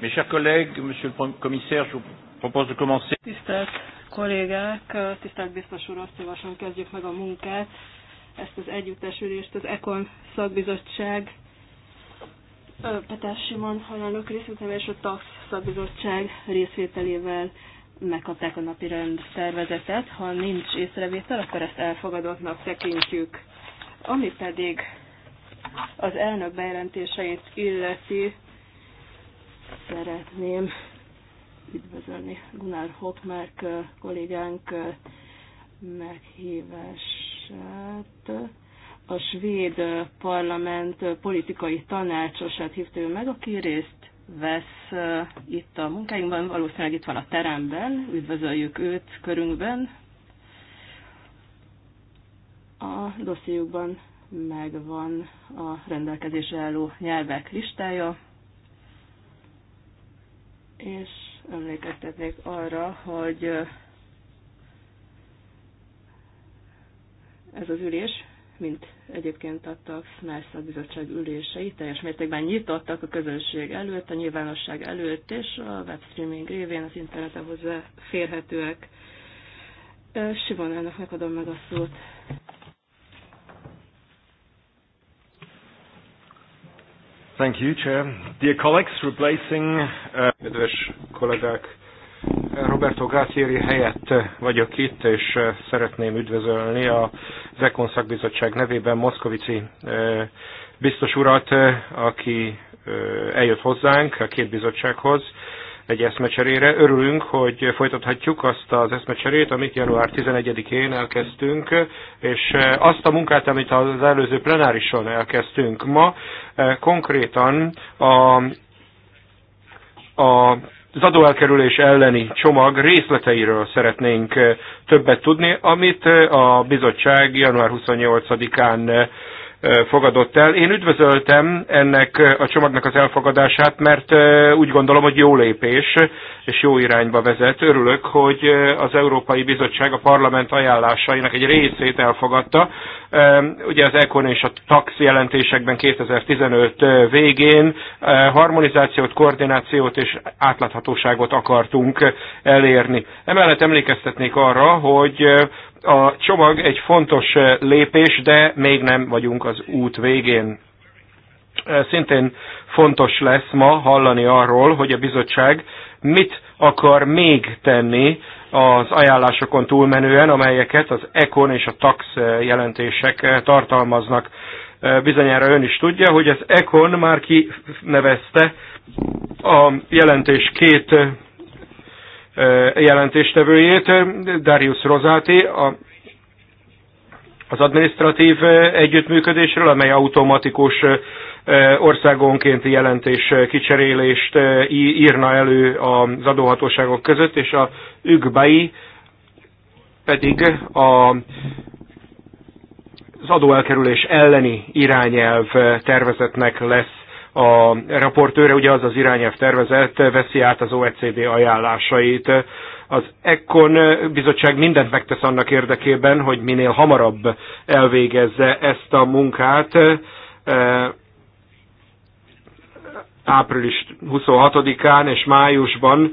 Mes chers collègues, monsieur le commissaire, je vous propose de commencer. Tisztelt kollégák, tisztelt biztos úr, azt javaslom, kezdjük meg a munkát, ezt az együttesülést az ECON szakbizottság Peter Simon hajnalok részvételével és a TAX szakbizottság részvételével megkapták a napi rend szervezetet. Ha nincs észrevétel, akkor ezt elfogadottnak tekintjük. Ami pedig az elnök bejelentéseit illeti, szeretném üdvözölni Gunnar Hopmark kollégánk meghívását. A svéd parlament politikai tanácsosát hívta ő meg, aki részt vesz itt a munkáinkban, valószínűleg itt van a teremben, üdvözöljük őt körünkben. A dossziukban megvan a rendelkezésre álló nyelvek listája, és emlékeztetnék arra, hogy ez az ülés, mint egyébként a TAX Merszak Bizottság ülései, teljes mértékben nyitottak a közönség előtt, a nyilvánosság előtt, és a webstreaming révén az interneten hozzáférhetőek. Simon, ennek megadom meg a szót. Thank you, Chair. Dear colleagues, replacing... Uh... Kedves kollégák, Roberto Gácieri helyett vagyok itt, és uh, szeretném üdvözölni a Zekon szakbizottság nevében Moszkovici uh, biztos urat, uh, aki eljött hozzánk a két bizottsághoz, egy eszmecserére. Örülünk, hogy folytathatjuk azt az eszmecserét, amit január 11-én elkezdtünk, és azt a munkát, amit az előző plenárison elkezdtünk ma, konkrétan a, a az adóelkerülés elleni csomag részleteiről szeretnénk többet tudni, amit a bizottság január 28-án fogadott el. Én üdvözöltem ennek a csomagnak az elfogadását, mert úgy gondolom, hogy jó lépés és jó irányba vezet. Örülök, hogy az Európai Bizottság a parlament ajánlásainak egy részét elfogadta. Ugye az ECON és a TAX jelentésekben 2015 végén harmonizációt, koordinációt és átláthatóságot akartunk elérni. Emellett emlékeztetnék arra, hogy a csomag egy fontos eh, lépés, de még nem vagyunk az út végén. Eh, szintén fontos lesz ma hallani arról, hogy a bizottság mit akar még tenni az ajánlásokon túlmenően, amelyeket az ECON és a TAX eh, jelentések tartalmaznak. Bizonyára ön is tudja, hogy az ECON már kinevezte a jelentés két jelentéstevőjét, Darius Rozáti, a, az administratív együttműködésről, amely automatikus országonkénti jelentés kicserélést írna elő az adóhatóságok között, és a ügbai pedig a az adóelkerülés elleni irányelv tervezetnek lesz a raportőre, ugye az az irányelv tervezet veszi át az OECD ajánlásait. Az Ekkon bizottság mindent megtesz annak érdekében, hogy minél hamarabb elvégezze ezt a munkát. E, április 26-án és májusban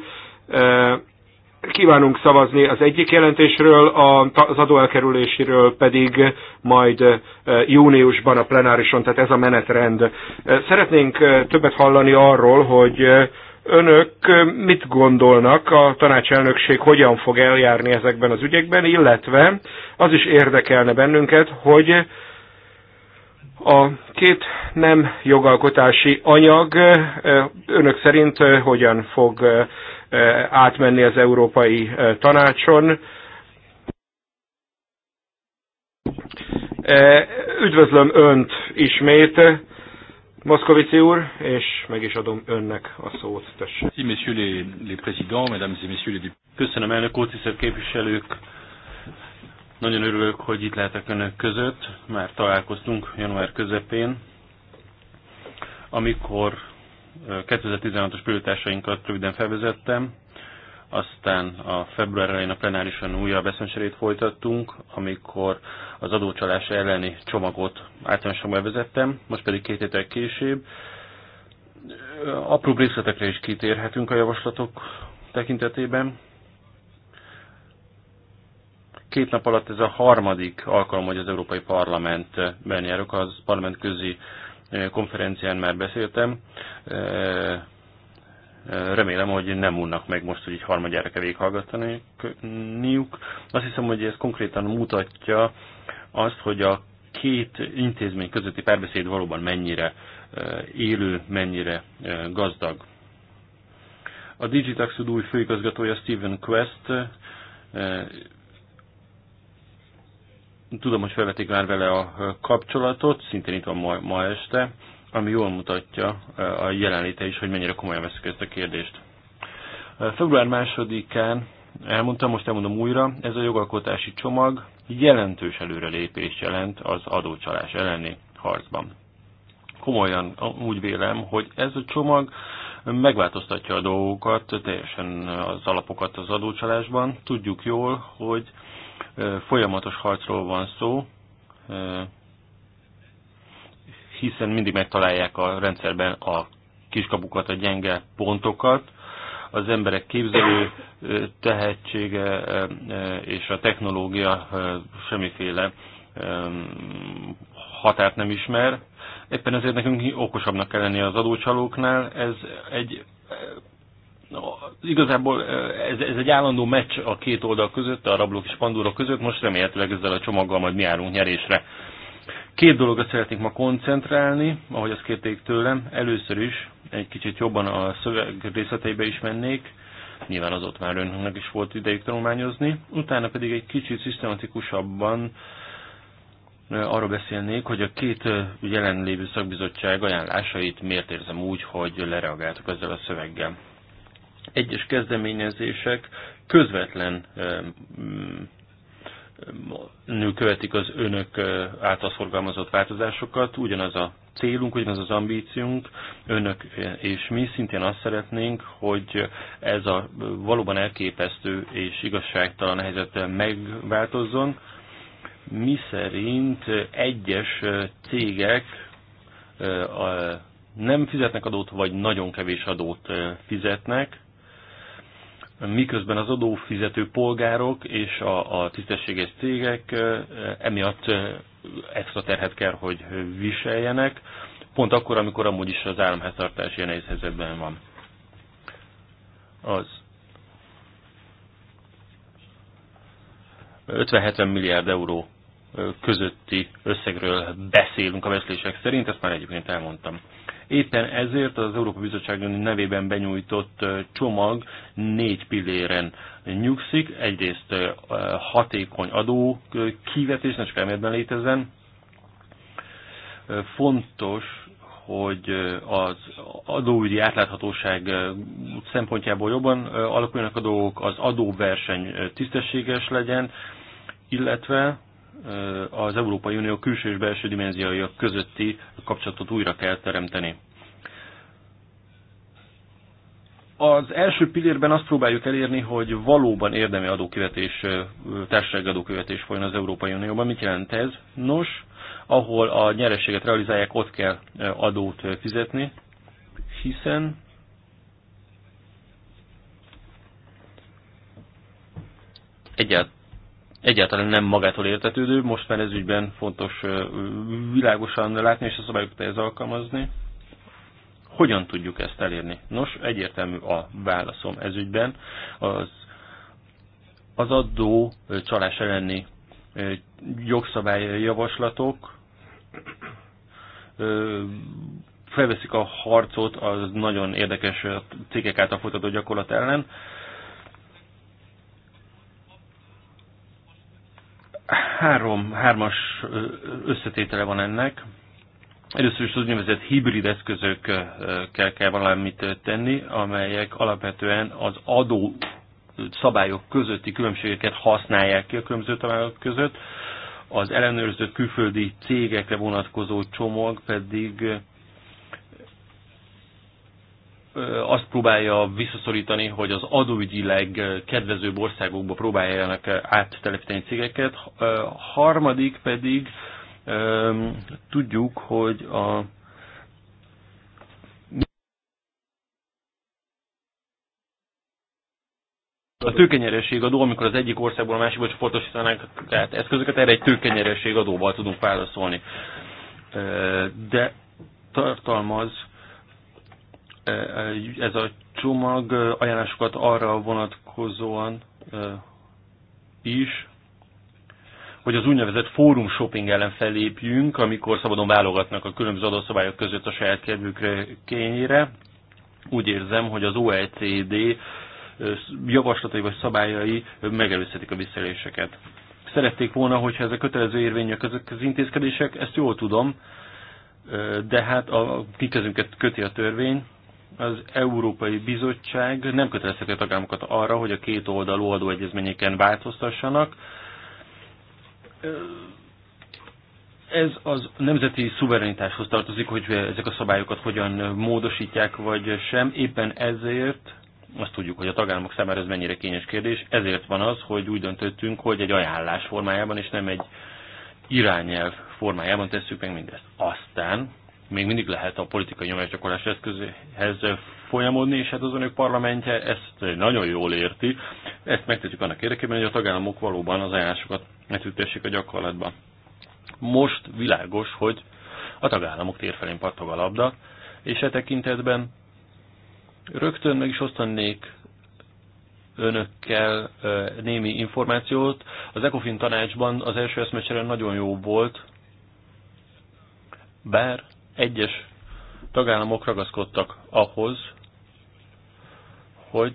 e, Kívánunk szavazni az egyik jelentésről, az adóelkerüléséről pedig majd e, júniusban a plenárison, tehát ez a menetrend. E, szeretnénk e, többet hallani arról, hogy önök mit gondolnak, a tanácselnökség hogyan fog eljárni ezekben az ügyekben, illetve az is érdekelne bennünket, hogy a két nem jogalkotási anyag önök szerint hogyan fog átmenni az Európai Tanácson. Üdvözlöm Önt ismét, Moszkovici úr, és meg is adom Önnek a szót, Köszönöm, elnök úr, tisztelt képviselők, nagyon örülök, hogy itt lehetek önök között. Már találkoztunk január közepén, amikor 2016-os prioritásainkat röviden felvezettem, aztán a február elején a plenárisan újabb eszmeserét folytattunk, amikor az adócsalás elleni csomagot általánosan bevezettem, most pedig két héttel később. Apró részletekre is kitérhetünk a javaslatok tekintetében. Két nap alatt ez a harmadik alkalom, hogy az Európai Parlamentben járok, az parlament közi Eh, konferencián már beszéltem. Eh, eh, remélem, hogy nem unnak meg most, hogy így harmadjára kell végighallgatniuk. Azt hiszem, hogy ez konkrétan mutatja azt, hogy a két intézmény közötti párbeszéd valóban mennyire élő, mennyire gazdag. A Digitaxud új főigazgatója Stephen Quest Tudom, hogy felvetik már vele a kapcsolatot, szintén itt van ma, ma este, ami jól mutatja a jelenléte is, hogy mennyire komolyan veszik ezt a kérdést. Február másodikán elmondtam, most elmondom újra, ez a jogalkotási csomag jelentős előrelépést jelent az adócsalás elleni harcban. Komolyan úgy vélem, hogy ez a csomag megváltoztatja a dolgokat, teljesen az alapokat az adócsalásban. Tudjuk jól, hogy Folyamatos harcról van szó, hiszen mindig megtalálják a rendszerben a kiskapukat, a gyenge pontokat, az emberek képzelő tehetsége és a technológia semmiféle határt nem ismer. Éppen ezért nekünk okosabbnak kell lenni az adócsalóknál. Ez egy igazából ez, ez egy állandó meccs a két oldal között, a rablók és pandúrok között, most remélhetőleg ezzel a csomaggal majd mi járunk nyerésre. Két dologra szeretnék ma koncentrálni, ahogy azt kérték tőlem. Először is egy kicsit jobban a szöveg részleteibe is mennék, nyilván az ott már önnek is volt idejük tanulmányozni. Utána pedig egy kicsit szisztematikusabban arra beszélnék, hogy a két jelenlévő szakbizottság ajánlásait miért érzem úgy, hogy lereagáltak ezzel a szöveggel egyes kezdeményezések közvetlen nő eh, mm, mm, követik az önök eh, által szorgalmazott változásokat. Ugyanaz a célunk, ugyanaz az ambíciunk, önök eh, és mi szintén azt szeretnénk, hogy ez a valóban elképesztő és igazságtalan helyzet megváltozzon, mi szerint egyes cégek nem fizetnek adót, vagy nagyon kevés adót fizetnek, miközben az adófizető polgárok és a, a tisztességes cégek emiatt extra terhet kell, hogy viseljenek, pont akkor, amikor amúgy is az államháztartás ilyen nehéz helyzetben van. Az 50-70 milliárd euró közötti összegről beszélünk a veszlések szerint, ezt már egyébként elmondtam. Éppen ezért az Európa Bizottság nevében benyújtott csomag négy pilléren nyugszik. Egyrészt hatékony adó kivetés, nem csak elméletben létezzen. Fontos, hogy az adóügyi átláthatóság szempontjából jobban alakuljanak a dolgok, az adóverseny tisztességes legyen, illetve az Európai Unió külső és belső dimenziói közötti kapcsolatot újra kell teremteni. Az első pillérben azt próbáljuk elérni, hogy valóban érdemi adókivetés, társasági adókivetés folyjon az Európai Unióban. Mit jelent ez? Nos, ahol a nyerességet realizálják, ott kell adót fizetni, hiszen egyáltalán egyáltalán nem magától értetődő, most már ez ügyben fontos világosan látni és a szabályokat ehhez alkalmazni. Hogyan tudjuk ezt elérni? Nos, egyértelmű a válaszom ez ügyben. Az, az adó csalás elleni jogszabályjavaslatok felveszik a harcot az nagyon érdekes cégek által folytató gyakorlat ellen Három, hármas összetétele van ennek. Először is az úgynevezett hibrid eszközökkel kell valamit tenni, amelyek alapvetően az adó szabályok közötti különbségeket használják ki a különböző tagállamok között. Az ellenőrzött külföldi cégekre vonatkozó csomag pedig azt próbálja visszaszorítani, hogy az adóügyileg kedvezőbb országokba próbáljanak áttelepíteni cégeket. Harmadik pedig tudjuk, hogy a A tőkenyereség adó, amikor az egyik országból a másikba csoportosítanánk tehát eszközöket, erre egy tőkenyereség adóval tudunk válaszolni. De tartalmaz ez a csomag ajánlásokat arra vonatkozóan is, hogy az úgynevezett fórum shopping ellen felépjünk, amikor szabadon válogatnak a különböző adószabályok között a saját kedvükre kényére. Úgy érzem, hogy az OECD javaslatai vagy szabályai megelőzhetik a visszaéléseket. Szerették volna, hogyha ezek kötelező érvények ezek az intézkedések, ezt jól tudom, de hát a kikezünket köti a törvény, az Európai Bizottság nem kötelezheti a tagállamokat arra, hogy a két oldalú adóegyezményeken változtassanak. Ez az nemzeti szuverenitáshoz tartozik, hogy ezek a szabályokat hogyan módosítják, vagy sem. Éppen ezért, azt tudjuk, hogy a tagállamok számára ez mennyire kényes kérdés, ezért van az, hogy úgy döntöttünk, hogy egy ajánlás formájában, és nem egy irányelv formájában tesszük meg mindezt. Aztán még mindig lehet a politikai nyomásgyakorlás eszközéhez folyamodni, és hát az önök parlamentje ezt nagyon jól érti. Ezt megtetjük annak érdekében, hogy a tagállamok valóban az ajánlásokat megtüttessék a gyakorlatban. Most világos, hogy a tagállamok térfelén pattog a labda, és e tekintetben rögtön meg is osztanék önökkel némi információt. Az ECOFIN tanácsban az első eszmecsere nagyon jó volt, bár egyes tagállamok ragaszkodtak ahhoz, hogy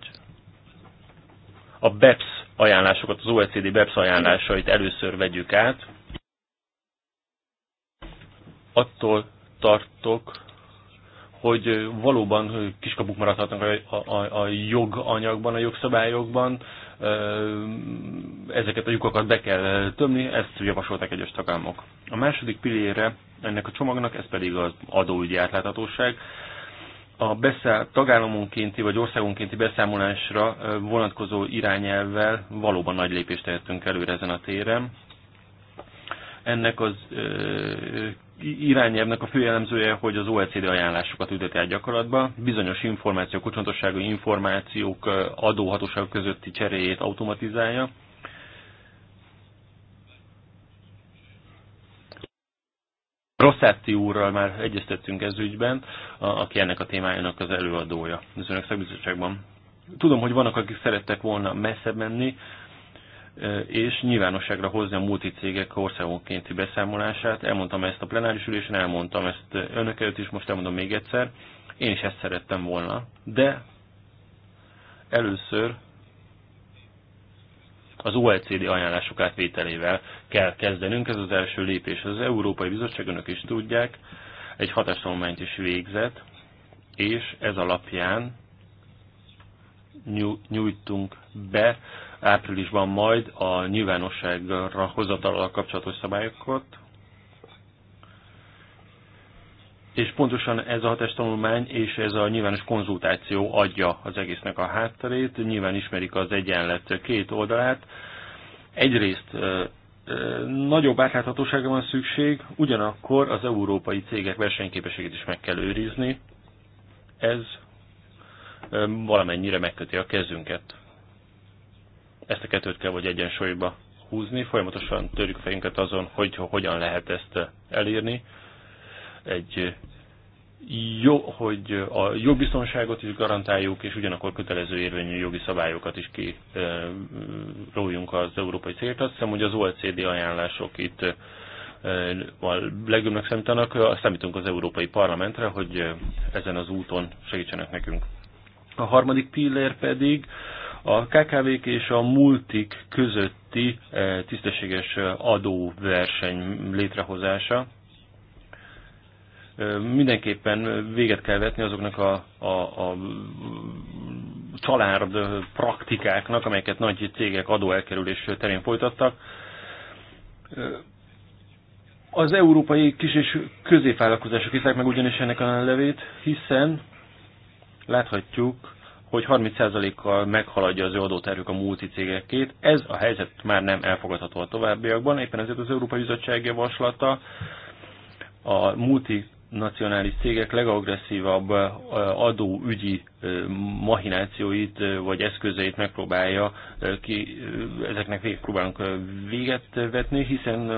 a BEPS ajánlásokat, az OECD BEPS ajánlásait először vegyük át. Attól tartok, hogy valóban kiskapuk maradhatnak a, a, a joganyagban, a jogszabályokban, ezeket a lyukakat be kell tömni, ezt javasolták egyes tagállamok. A második pillére ennek a csomagnak, ez pedig az adóügyi átláthatóság. A beszáll, tagállamunkénti vagy országunkénti beszámolásra vonatkozó irányelvvel valóban nagy lépést tehetünk előre ezen a téren. Ennek az irányelvnek a fő jellemzője, hogy az OECD ajánlásokat ülteti át gyakorlatba. Bizonyos információk, kulcsontosságú információk adóhatóságok közötti cseréjét automatizálja. Rosszáti úrral már egyeztettünk ez ügyben, aki ennek a témájának az előadója az önök szakbizottságban. Tudom, hogy vannak, akik szerettek volna messze menni, és nyilvánosságra hozni a multicégek országonkénti beszámolását. Elmondtam ezt a plenáris ülésen, elmondtam ezt önök előtt is, most elmondom még egyszer. Én is ezt szerettem volna, de először az OECD ajánlások átvételével kell kezdenünk. Ez az első lépés. Az Európai Bizottság, önök is tudják, egy hatástanulmányt is végzett, és ez alapján nyújtunk be áprilisban majd a nyilvánosságra hozatalal kapcsolatos szabályokat, és pontosan ez a tanulmány és ez a nyilvános konzultáció adja az egésznek a hátterét. Nyilván ismerik az egyenlet két oldalát. Egyrészt nagyobb átláthatóságra van szükség, ugyanakkor az európai cégek versenyképességét is meg kell őrizni. Ez valamennyire megköti a kezünket. Ezt a kettőt kell, vagy egyensúlyba húzni, folyamatosan törjük fejünket azon, hogy hogyan lehet ezt elérni egy jó, hogy a jogbiztonságot is garantáljuk, és ugyanakkor kötelező érvényű jogi szabályokat is kilójunk az európai célt. Azt hiszem, hogy az OECD ajánlások itt a legjobbnak szemtanak, Azt számítunk az Európai Parlamentre, hogy ezen az úton segítsenek nekünk. A harmadik pillér pedig a KKV-k és a multik közötti tisztességes adóverseny létrehozása, mindenképpen véget kell vetni azoknak a, a, a család praktikáknak, amelyeket nagy cégek adóelkerülés terén folytattak. Az európai kis és középvállalkozások iszák meg ugyanis ennek a levét, hiszen láthatjuk, hogy 30%-kal meghaladja az ő adóterjük a multicégekét. Ez a helyzet már nem elfogadható a továbbiakban, éppen ezért az Európai Bizottság javaslata a multi multinacionális cégek legagresszívabb adóügyi mahinációit vagy eszközeit megpróbálja ki, ezeknek végig próbálunk véget vetni, hiszen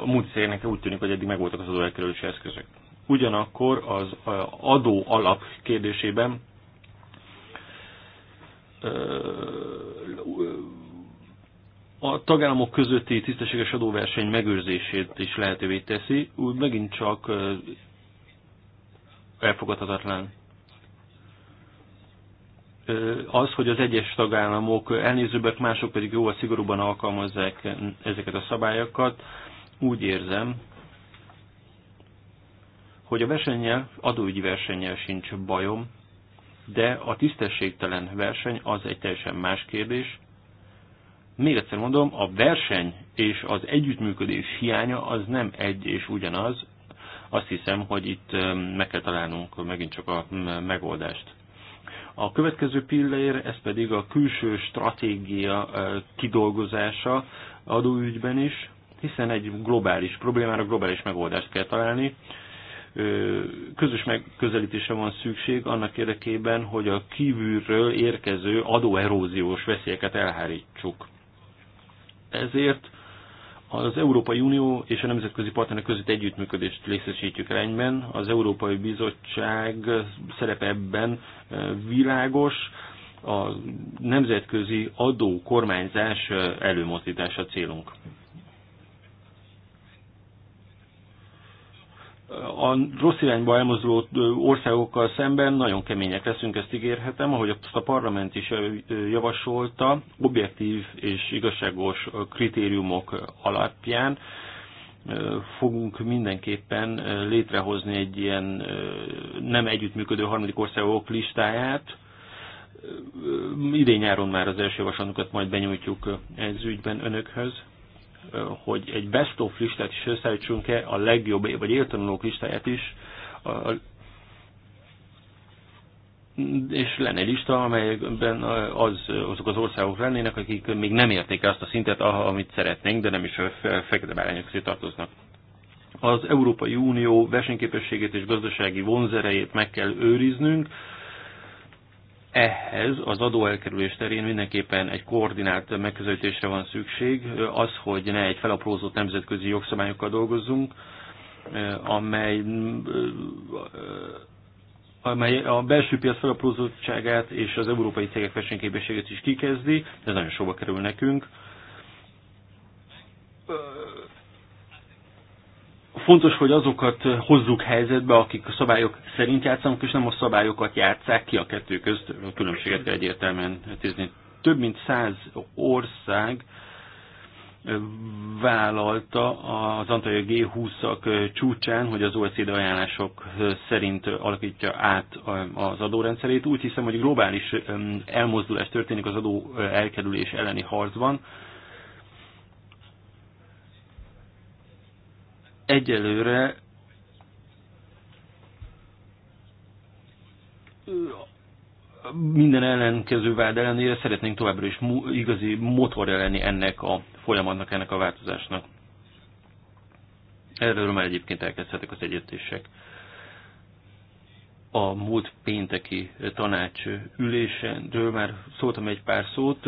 a múlt úgy tűnik, hogy eddig megvoltak az adóelkerülési eszközök. Ugyanakkor az adó alap kérdésében a tagállamok közötti tisztességes adóverseny megőrzését is lehetővé teszi, úgy megint csak elfogadhatatlan az, hogy az egyes tagállamok elnézőbbek, mások pedig jóval szigorúban alkalmazzák ezeket a szabályokat, úgy érzem, hogy a versennyel, adóügyi versennyel sincs bajom, de a tisztességtelen verseny az egy teljesen más kérdés, még egyszer mondom, a verseny és az együttműködés hiánya az nem egy és ugyanaz. Azt hiszem, hogy itt um, meg kell találnunk megint csak a megoldást. A következő pillér, ez pedig a külső stratégia uh, kidolgozása adóügyben is, hiszen egy globális problémára globális megoldást kell találni. Közös megközelítése van szükség annak érdekében, hogy a kívülről érkező adóeróziós veszélyeket elhárítsuk. Ezért az Európai Unió és a nemzetközi partnerek között együttműködést részesítjük rendben. Az Európai Bizottság szerepe ebben világos, a nemzetközi adó kormányzás előmozdítása célunk. a rossz irányba elmozduló országokkal szemben nagyon kemények leszünk, ezt ígérhetem, ahogy azt a parlament is javasolta, objektív és igazságos kritériumok alapján fogunk mindenképpen létrehozni egy ilyen nem együttműködő harmadik országok listáját. Idén nyáron már az első javaslatunkat majd benyújtjuk ez ügyben önökhöz hogy egy best of listát is összeállítsunk-e, a legjobb, vagy éltanulók listáját is, és lenne egy lista, amelyben az, azok az országok lennének, akik még nem érték el azt a szintet, amit szeretnénk, de nem is fekete bárányok közé tartoznak. Az Európai Unió versenyképességét és gazdasági vonzerejét meg kell őriznünk, ehhez az adóelkerülés terén mindenképpen egy koordinált megközelítésre van szükség, az, hogy ne egy felaprózott nemzetközi jogszabályokkal dolgozzunk, eh, amely, eh, amely a belső piac felaprózottságát és az európai cégek versenyképességét is kikezdi, ez nagyon sokba kerül nekünk eh, Fontos, hogy azokat eh, hozzuk helyzetbe, akik a szabályok szerint játszanak, és nem a szabályokat játszák ki a kettő közt. A különbséget kell egyértelműen tézni. Több mint száz ország eh, vállalta az Antalya G20-ak eh, csúcsán, hogy az OECD ajánlások szerint alakítja át az adórendszerét. Úgy hiszem, hogy globális elmozdulás történik az adó elkerülés elleni harcban. egyelőre minden ellenkező vád ellenére szeretnénk továbbra is igazi motor lenni ennek a folyamatnak, ennek a változásnak. Erről már egyébként elkezdhetek az egyetések. A múlt pénteki tanács ülésenről már szóltam egy pár szót.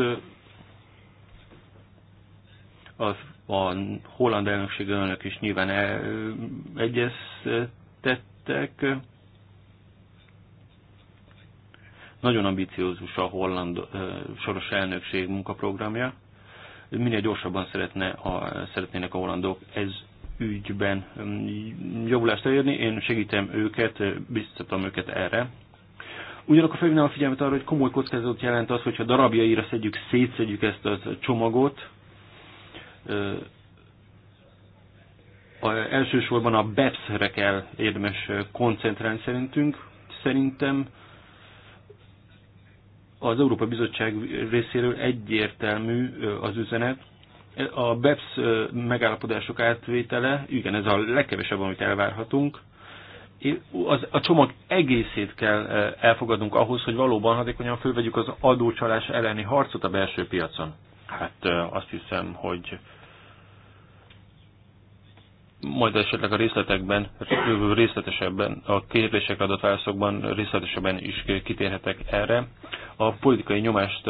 A a holland elnökség önök is nyilván e, egyeztettek. Nagyon ambiciózus a holland e, soros elnökség munkaprogramja. Minél gyorsabban szeretne a, szeretnének a hollandok ez ügyben mm, javulást elérni. Én segítem őket, biztatom őket erre. Ugyanakkor felhívnám a figyelmet arra, hogy komoly kockázatot jelent az, hogyha darabjaira szedjük, szétszedjük ezt a csomagot, a, elsősorban a BEPS-re kell érdemes koncentrálni szerintünk. Szerintem az Európa Bizottság részéről egyértelmű az üzenet. A BEPS megállapodások átvétele, igen, ez a legkevesebb, amit elvárhatunk. Az, a csomag egészét kell elfogadnunk ahhoz, hogy valóban hatékonyan fölvegyük az adócsalás elleni harcot a belső piacon. Hát azt hiszem, hogy majd esetleg a részletekben, részletesebben, a kérdések adott válaszokban részletesebben is kitérhetek erre. A politikai nyomást,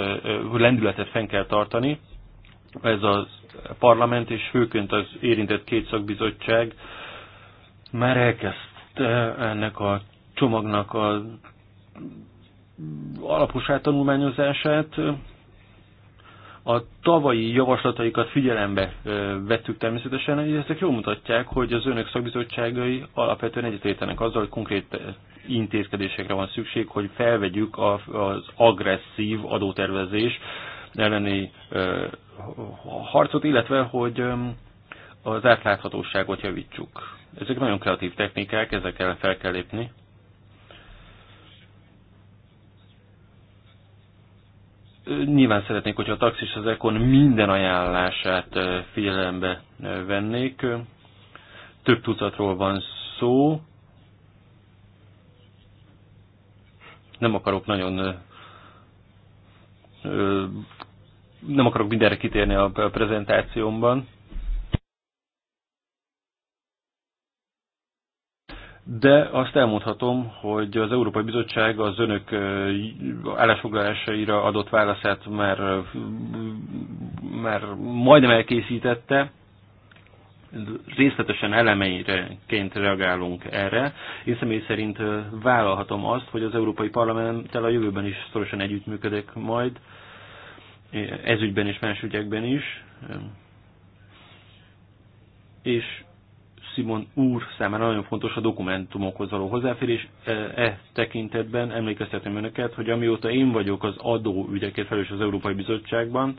lendületet fenn kell tartani. Ez a parlament és főként az érintett két szakbizottság már elkezdte ennek a csomagnak a alapos átanulmányozását, a tavalyi javaslataikat figyelembe vettük természetesen, és ezek jól mutatják, hogy az önök szakbizottságai alapvetően egyetértenek azzal, hogy konkrét intézkedésekre van szükség, hogy felvegyük az agresszív adótervezés elleni harcot, illetve hogy az átláthatóságot javítsuk. Ezek nagyon kreatív technikák, ezekkel fel kell lépni. Nyilván szeretnék, hogyha a taxis az Econ minden ajánlását figyelembe vennék. Több tucatról van szó. Nem akarok nagyon nem akarok mindenre kitérni a prezentációmban. de azt elmondhatom, hogy az Európai Bizottság az önök állásfoglalásaira adott válaszát már, már majdnem elkészítette, részletesen elemeireként reagálunk erre. Én személy szerint vállalhatom azt, hogy az Európai Parlamenttel a jövőben is szorosan együttműködik majd, ezügyben és más ügyekben is. És Simon úr számára nagyon fontos a dokumentumokhoz való hozzáférés. E, e tekintetben emlékeztetem önöket, hogy amióta én vagyok az adóügyekért felelős az Európai Bizottságban,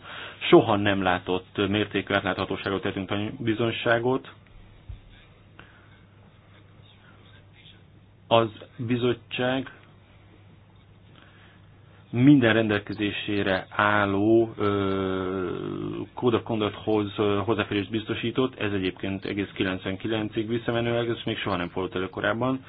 soha nem látott mértékű átláthatóságot tettünk bizonyságot. Az bizottság minden rendelkezésére álló Code of Conduct-hoz hozzáférést biztosított, ez egyébként egész 99-ig visszamenőleg, ez még soha nem fordult elő korábban.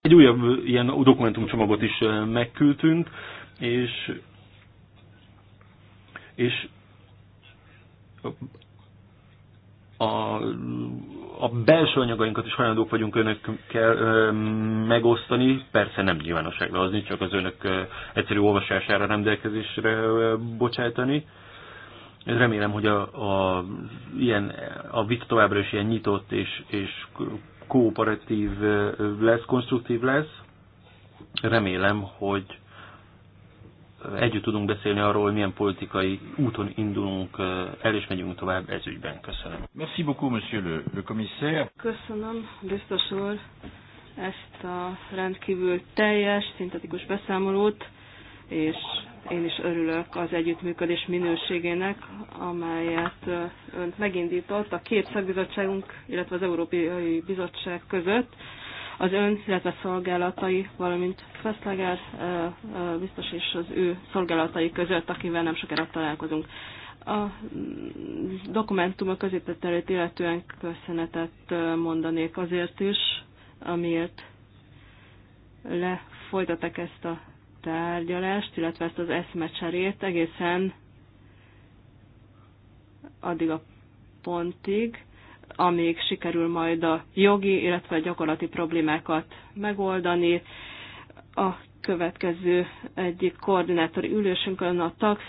Egy újabb ilyen dokumentumcsomagot is megküldtünk, és, és a, a belső anyagainkat is hajlandók vagyunk önökkel ö, megosztani, persze nem nyilvánosságra hozni, csak az önök ö, egyszerű olvasására rendelkezésre ö, bocsájtani. Remélem, hogy a, a, ilyen, a vita továbbra is ilyen nyitott és, és kooperatív lesz, konstruktív lesz. Remélem, hogy együtt tudunk beszélni arról, hogy milyen politikai úton indulunk el, és megyünk tovább ez ügyben. Köszönöm. Merci beaucoup, monsieur le, le commissaire. Köszönöm, biztos úr, ezt a rendkívül teljes, szintetikus beszámolót, és én is örülök az együttműködés minőségének, amelyet ön megindított a két szakbizottságunk, illetve az Európai Bizottság között az ön, illetve szolgálatai, valamint Feszleger biztos és az ő szolgálatai között, akivel nem sokára találkozunk. A mm, dokumentum a középtetelét illetően köszönetet mondanék azért is, amiért lefolytatok ezt a tárgyalást, illetve ezt az eszmecserét egészen addig a pontig, amíg sikerül majd a jogi, illetve a gyakorlati problémákat megoldani. A következő egyik koordinátori ülésünkön a TAX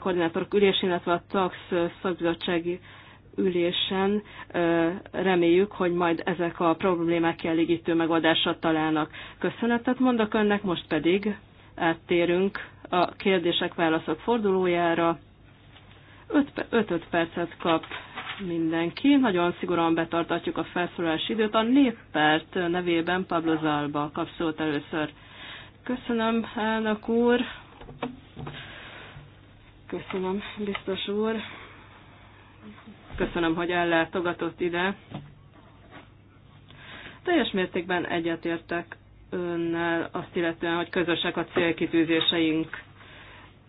koordinátorok ülés, illetve a TAX szakbizottsági ülésen reméljük, hogy majd ezek a problémák kielégítő megoldásra találnak. Köszönetet mondok önnek, most pedig áttérünk a kérdések-válaszok fordulójára. 5-5 percet kap mindenki. Nagyon szigorúan betartatjuk a felszólalási időt. A néppárt nevében Pablo Zalba kap szót először. Köszönöm, elnök úr. Köszönöm, biztos úr. Köszönöm, hogy ellátogatott ide. Teljes mértékben egyetértek önnel azt illetően, hogy közösek a célkitűzéseink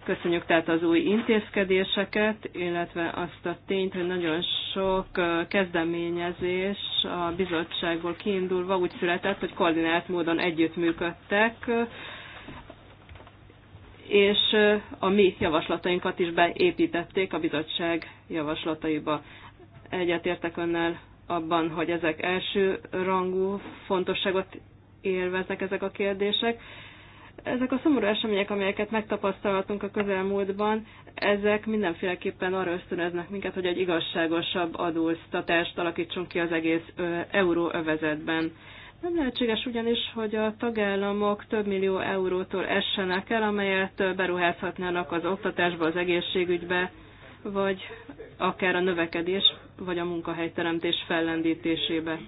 Köszönjük tehát az új intézkedéseket, illetve azt a tényt, hogy nagyon sok kezdeményezés a bizottságból kiindulva úgy született, hogy koordinált módon együttműködtek, és a mi javaslatainkat is beépítették a bizottság javaslataiba. Egyetértek önnel abban, hogy ezek első rangú fontosságot élveznek ezek a kérdések, ezek a szomorú események, amelyeket megtapasztalhatunk a közelmúltban, ezek mindenféleképpen arra ösztönöznek minket, hogy egy igazságosabb adóztatást alakítsunk ki az egész euróövezetben. Nem lehetséges ugyanis, hogy a tagállamok több millió eurótól essenek el, amelyet beruházhatnának az oktatásba, az egészségügybe, vagy akár a növekedés, vagy a munkahelyteremtés fellendítésébe.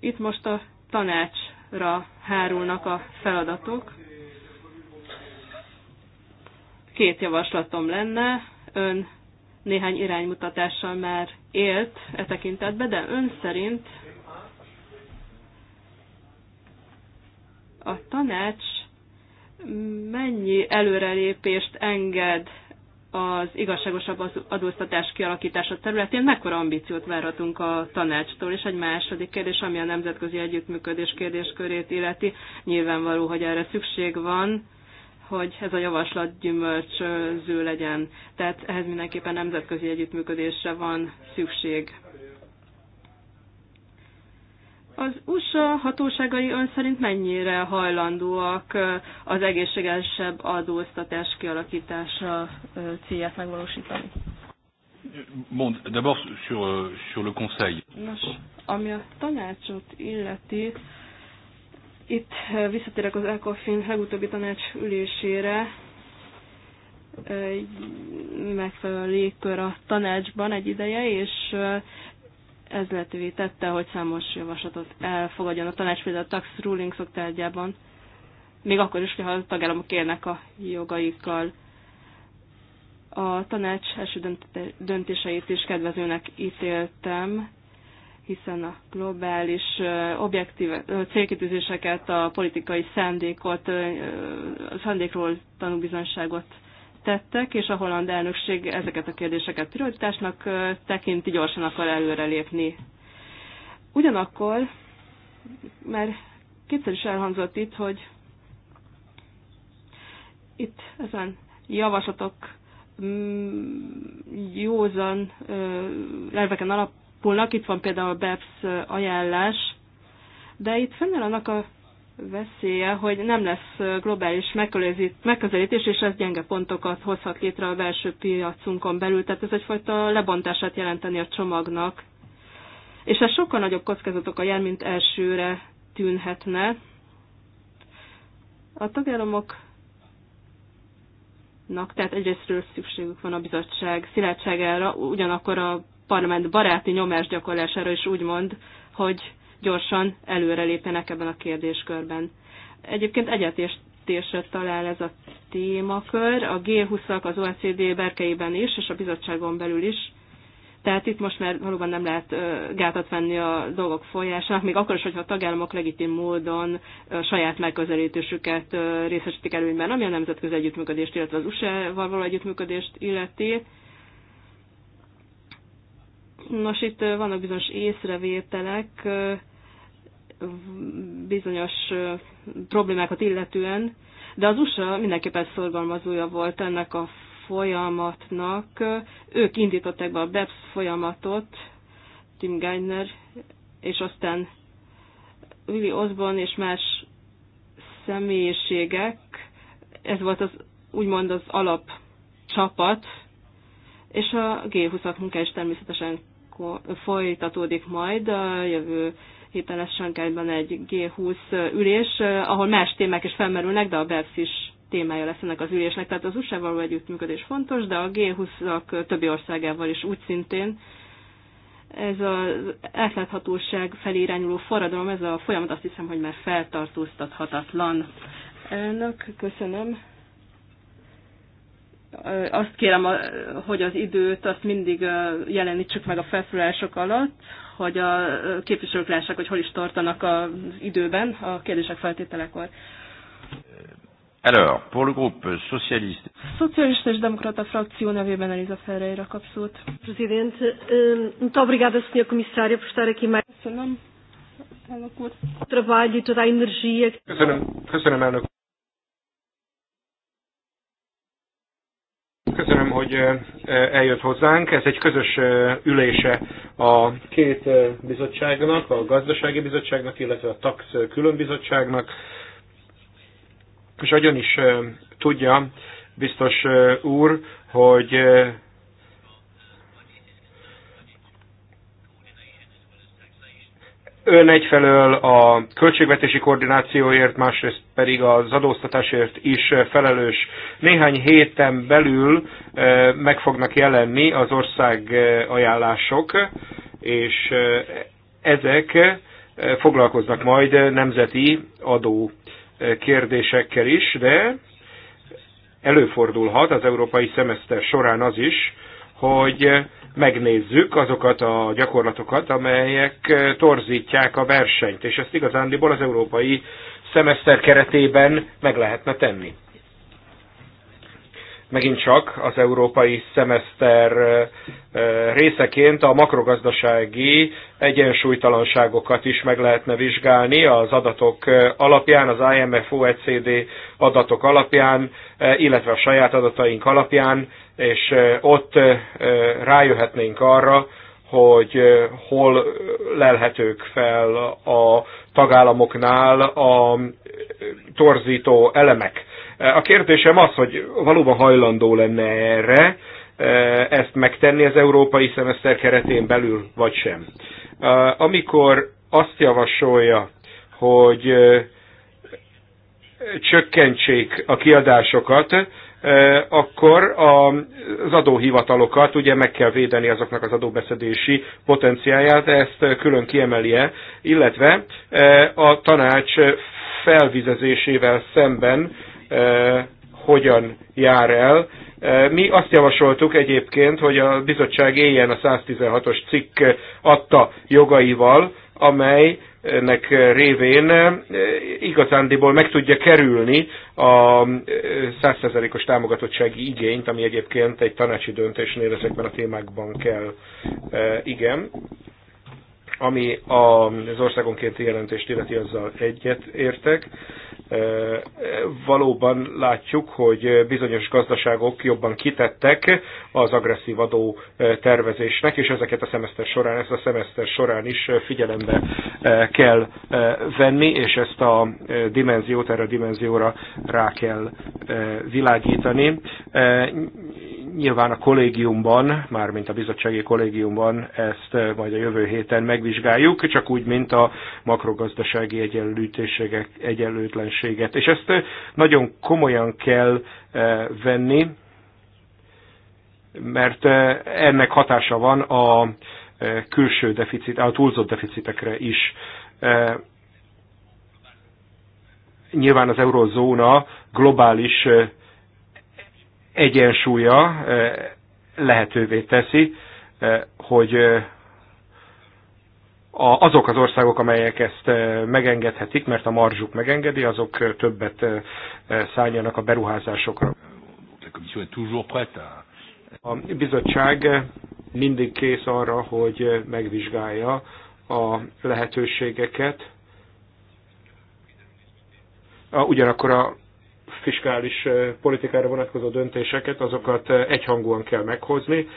Itt most a tanácsra hárulnak a feladatok. Két javaslatom lenne. Ön néhány iránymutatással már élt e tekintetben, de ön szerint a tanács mennyi előrelépést enged az igazságosabb adóztatás kialakítása területén mekkora ambíciót várhatunk a tanácstól? És egy második kérdés, ami a nemzetközi együttműködés kérdéskörét illeti, nyilvánvaló, hogy erre szükség van, hogy ez a javaslat gyümölcsöző legyen. Tehát ehhez mindenképpen nemzetközi együttműködésre van szükség. Az USA hatóságai ön szerint mennyire hajlandóak az egészségesebb adóztatás kialakítása célját megvalósítani? Mond, d'abord sur, euh, sur le conseil. Nos, ami a tanácsot illeti, itt visszatérek az ECOFIN legutóbbi tanács ülésére, megfelelő légkör a tanácsban egy ideje, és ez lehetővé tette, hogy számos javaslatot elfogadjon a tanács, például a tax ruling szoktárgyában, még akkor is, ha a tagállamok élnek a jogaikkal. A tanács első döntéseit is kedvezőnek ítéltem, hiszen a globális objektív célkitűzéseket, a politikai szándékot, a szándékról tanúbizonyságot tettek, és a holland elnökség ezeket a kérdéseket prioritásnak tekinti, gyorsan akar előrelépni. Ugyanakkor, mert kétszer is elhangzott itt, hogy itt ezen javaslatok mm, józan elveken alapulnak. Itt van például a BEPS ajánlás, de itt fennáll annak a veszélye, hogy nem lesz globális megközelítés, és ez gyenge pontokat hozhat létre a belső piacunkon belül. Tehát ez egyfajta lebontását jelenteni a csomagnak. És ez sokkal nagyobb a jel, mint elsőre tűnhetne. A tagállamok tehát egyrésztről szükségük van a bizottság szilárdságára, ugyanakkor a parlament baráti nyomás gyakorlására is úgy mond, hogy gyorsan előrelépjenek ebben a kérdéskörben. Egyébként egyetértésre talál ez a témakör, a G20-ak az OECD berkeiben is, és a bizottságon belül is. Tehát itt most már valóban nem lehet gátat venni a dolgok folyásának, még akkor is, hogyha a tagállamok legitim módon a saját megközelítésüket részesítik előnyben, ami a nemzetközi együttműködést, illetve az USA-val való együttműködést illeti. Nos, itt vannak bizonyos észrevételek, bizonyos problémákat illetően, de az USA mindenképpen szorgalmazója volt ennek a folyamatnak. Ők indították be a BEPS folyamatot, Tim Geiner, és aztán Willy Osborne és más személyiségek, ez volt az úgymond az alapcsapat, és a G20-ak munka is természetesen folytatódik majd a jövő hitelesen kell van egy G20 ülés, eh, ahol más témák is felmerülnek, de a BEPS is témája lesz ennek az ülésnek. Tehát az USA-val való együttműködés fontos, de a G20-ak többi országával is úgy szintén. Ez az átláthatóság felé irányuló forradalom, ez a folyamat azt hiszem, hogy már feltartóztathatatlan. Elnök, köszönöm azt kérem, eh, hogy az időt azt mindig eh, jelenítsük meg a felszólások alatt, hogy a képviselők lássák, hogy hol is tartanak az időben a kérdések feltételekor. Alors, pour le groupe socialiste. Socialista és demokrata frakció nevében Eliza Ferreira kap szót. Presidente, muito obrigada, Sr. Comissário, por estar aqui mais. Köszönöm, elnök O Trabalho e toda a energia. Köszönöm, köszönöm hogy eljött hozzánk. Ez egy közös ülése a két bizottságnak, a gazdasági bizottságnak, illetve a TAX különbizottságnak. És agyon is tudja biztos úr, hogy Ön egyfelől a költségvetési koordinációért, másrészt pedig az adóztatásért is felelős. Néhány héten belül eh, meg fognak jelenni az ország eh, ajánlások, és eh, ezek foglalkoznak majd nemzeti adó kérdésekkel is, de előfordulhat az európai szemeszter során az is, hogy megnézzük azokat a gyakorlatokat, amelyek eh, torzítják a versenyt, és ezt igazándiból az európai szemeszter keretében meg lehetne tenni megint csak az európai szemeszter részeként a makrogazdasági egyensúlytalanságokat is meg lehetne vizsgálni az adatok alapján, az IMF OECD adatok alapján, illetve a saját adataink alapján, és ott rájöhetnénk arra, hogy hol lelhetők fel a tagállamoknál a torzító elemek a kérdésem az, hogy valóban hajlandó lenne erre e, ezt megtenni az európai szemeszter keretén belül, vagy sem. Amikor azt javasolja, hogy e, csökkentsék a kiadásokat, e, akkor az adóhivatalokat ugye meg kell védeni azoknak az adóbeszedési potenciáját, ezt külön kiemelje, illetve a tanács felvizezésével szemben hogyan jár el. Mi azt javasoltuk egyébként, hogy a bizottság éljen a 116-os cikk adta jogaival, amelynek révén igazándiból meg tudja kerülni a 100%-os támogatottsági igényt, ami egyébként egy tanácsi döntésnél ezekben a témákban kell. Igen ami az országonkénti jelentést illeti, azzal egyet értek valóban látjuk, hogy bizonyos gazdaságok jobban kitettek az agresszív adó tervezésnek, és ezeket a szemeszter során, ezt a szemeszter során is figyelembe kell venni, és ezt a dimenziót, erre a dimenzióra rá kell világítani. Nyilván a kollégiumban, mármint a bizottsági kollégiumban ezt eh, majd a jövő héten megvizsgáljuk, csak úgy, mint a makrogazdasági egyenlőtlenségek, egyenlőtlenséget. És ezt eh, nagyon komolyan kell eh, venni, mert ennek hatása van a külső deficit, a túlzott deficitekre is. Nyilván az eurozóna globális egyensúlya eh, lehetővé teszi, eh, hogy eh, azok az országok, amelyek ezt megengedhetik, mert a marzsuk megengedi, azok többet szálljanak a beruházásokra. A bizottság mindig kész arra, hogy megvizsgálja a lehetőségeket. Ugyanakkor a fiskális politikára vonatkozó döntéseket, azokat egyhangúan kell meghozni.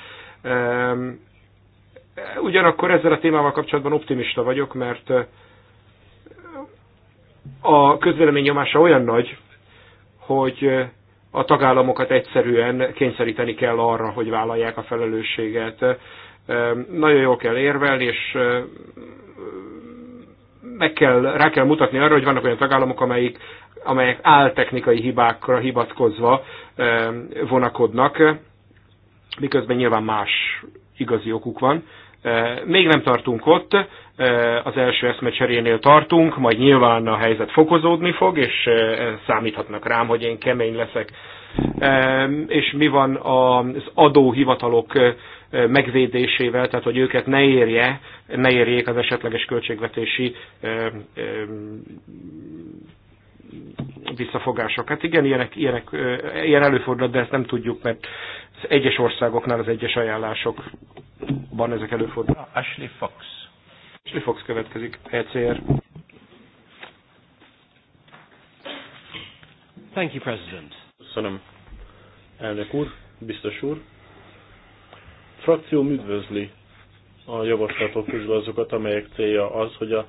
Ugyanakkor ezzel a témával kapcsolatban optimista vagyok, mert a közvélemény nyomása olyan nagy, hogy a tagállamokat egyszerűen kényszeríteni kell arra, hogy vállalják a felelősséget. Nagyon jól kell érvelni, és meg kell, rá kell mutatni arra, hogy vannak olyan tagállamok, amelyik amelyek áltechnikai hibákra hivatkozva vonakodnak, miközben nyilván más igazi okuk van. Még nem tartunk ott, az első eszmecserénél tartunk, majd nyilván a helyzet fokozódni fog, és számíthatnak rám, hogy én kemény leszek. És mi van az adóhivatalok megvédésével, tehát hogy őket ne érje, ne érjék az esetleges költségvetési visszafogásokat. Hát igen, ilyenek, ilyenek, ilyen előfordulhat, de ezt nem tudjuk, mert az egyes országoknál az egyes ajánlásokban ezek előfordulnak. Ashley Fox. Ashley Fox következik, ECR. Thank you, President. Köszönöm. Elnök úr, biztos úr. Frakció üdvözli a javaslatok közül azokat, amelyek célja az, hogy a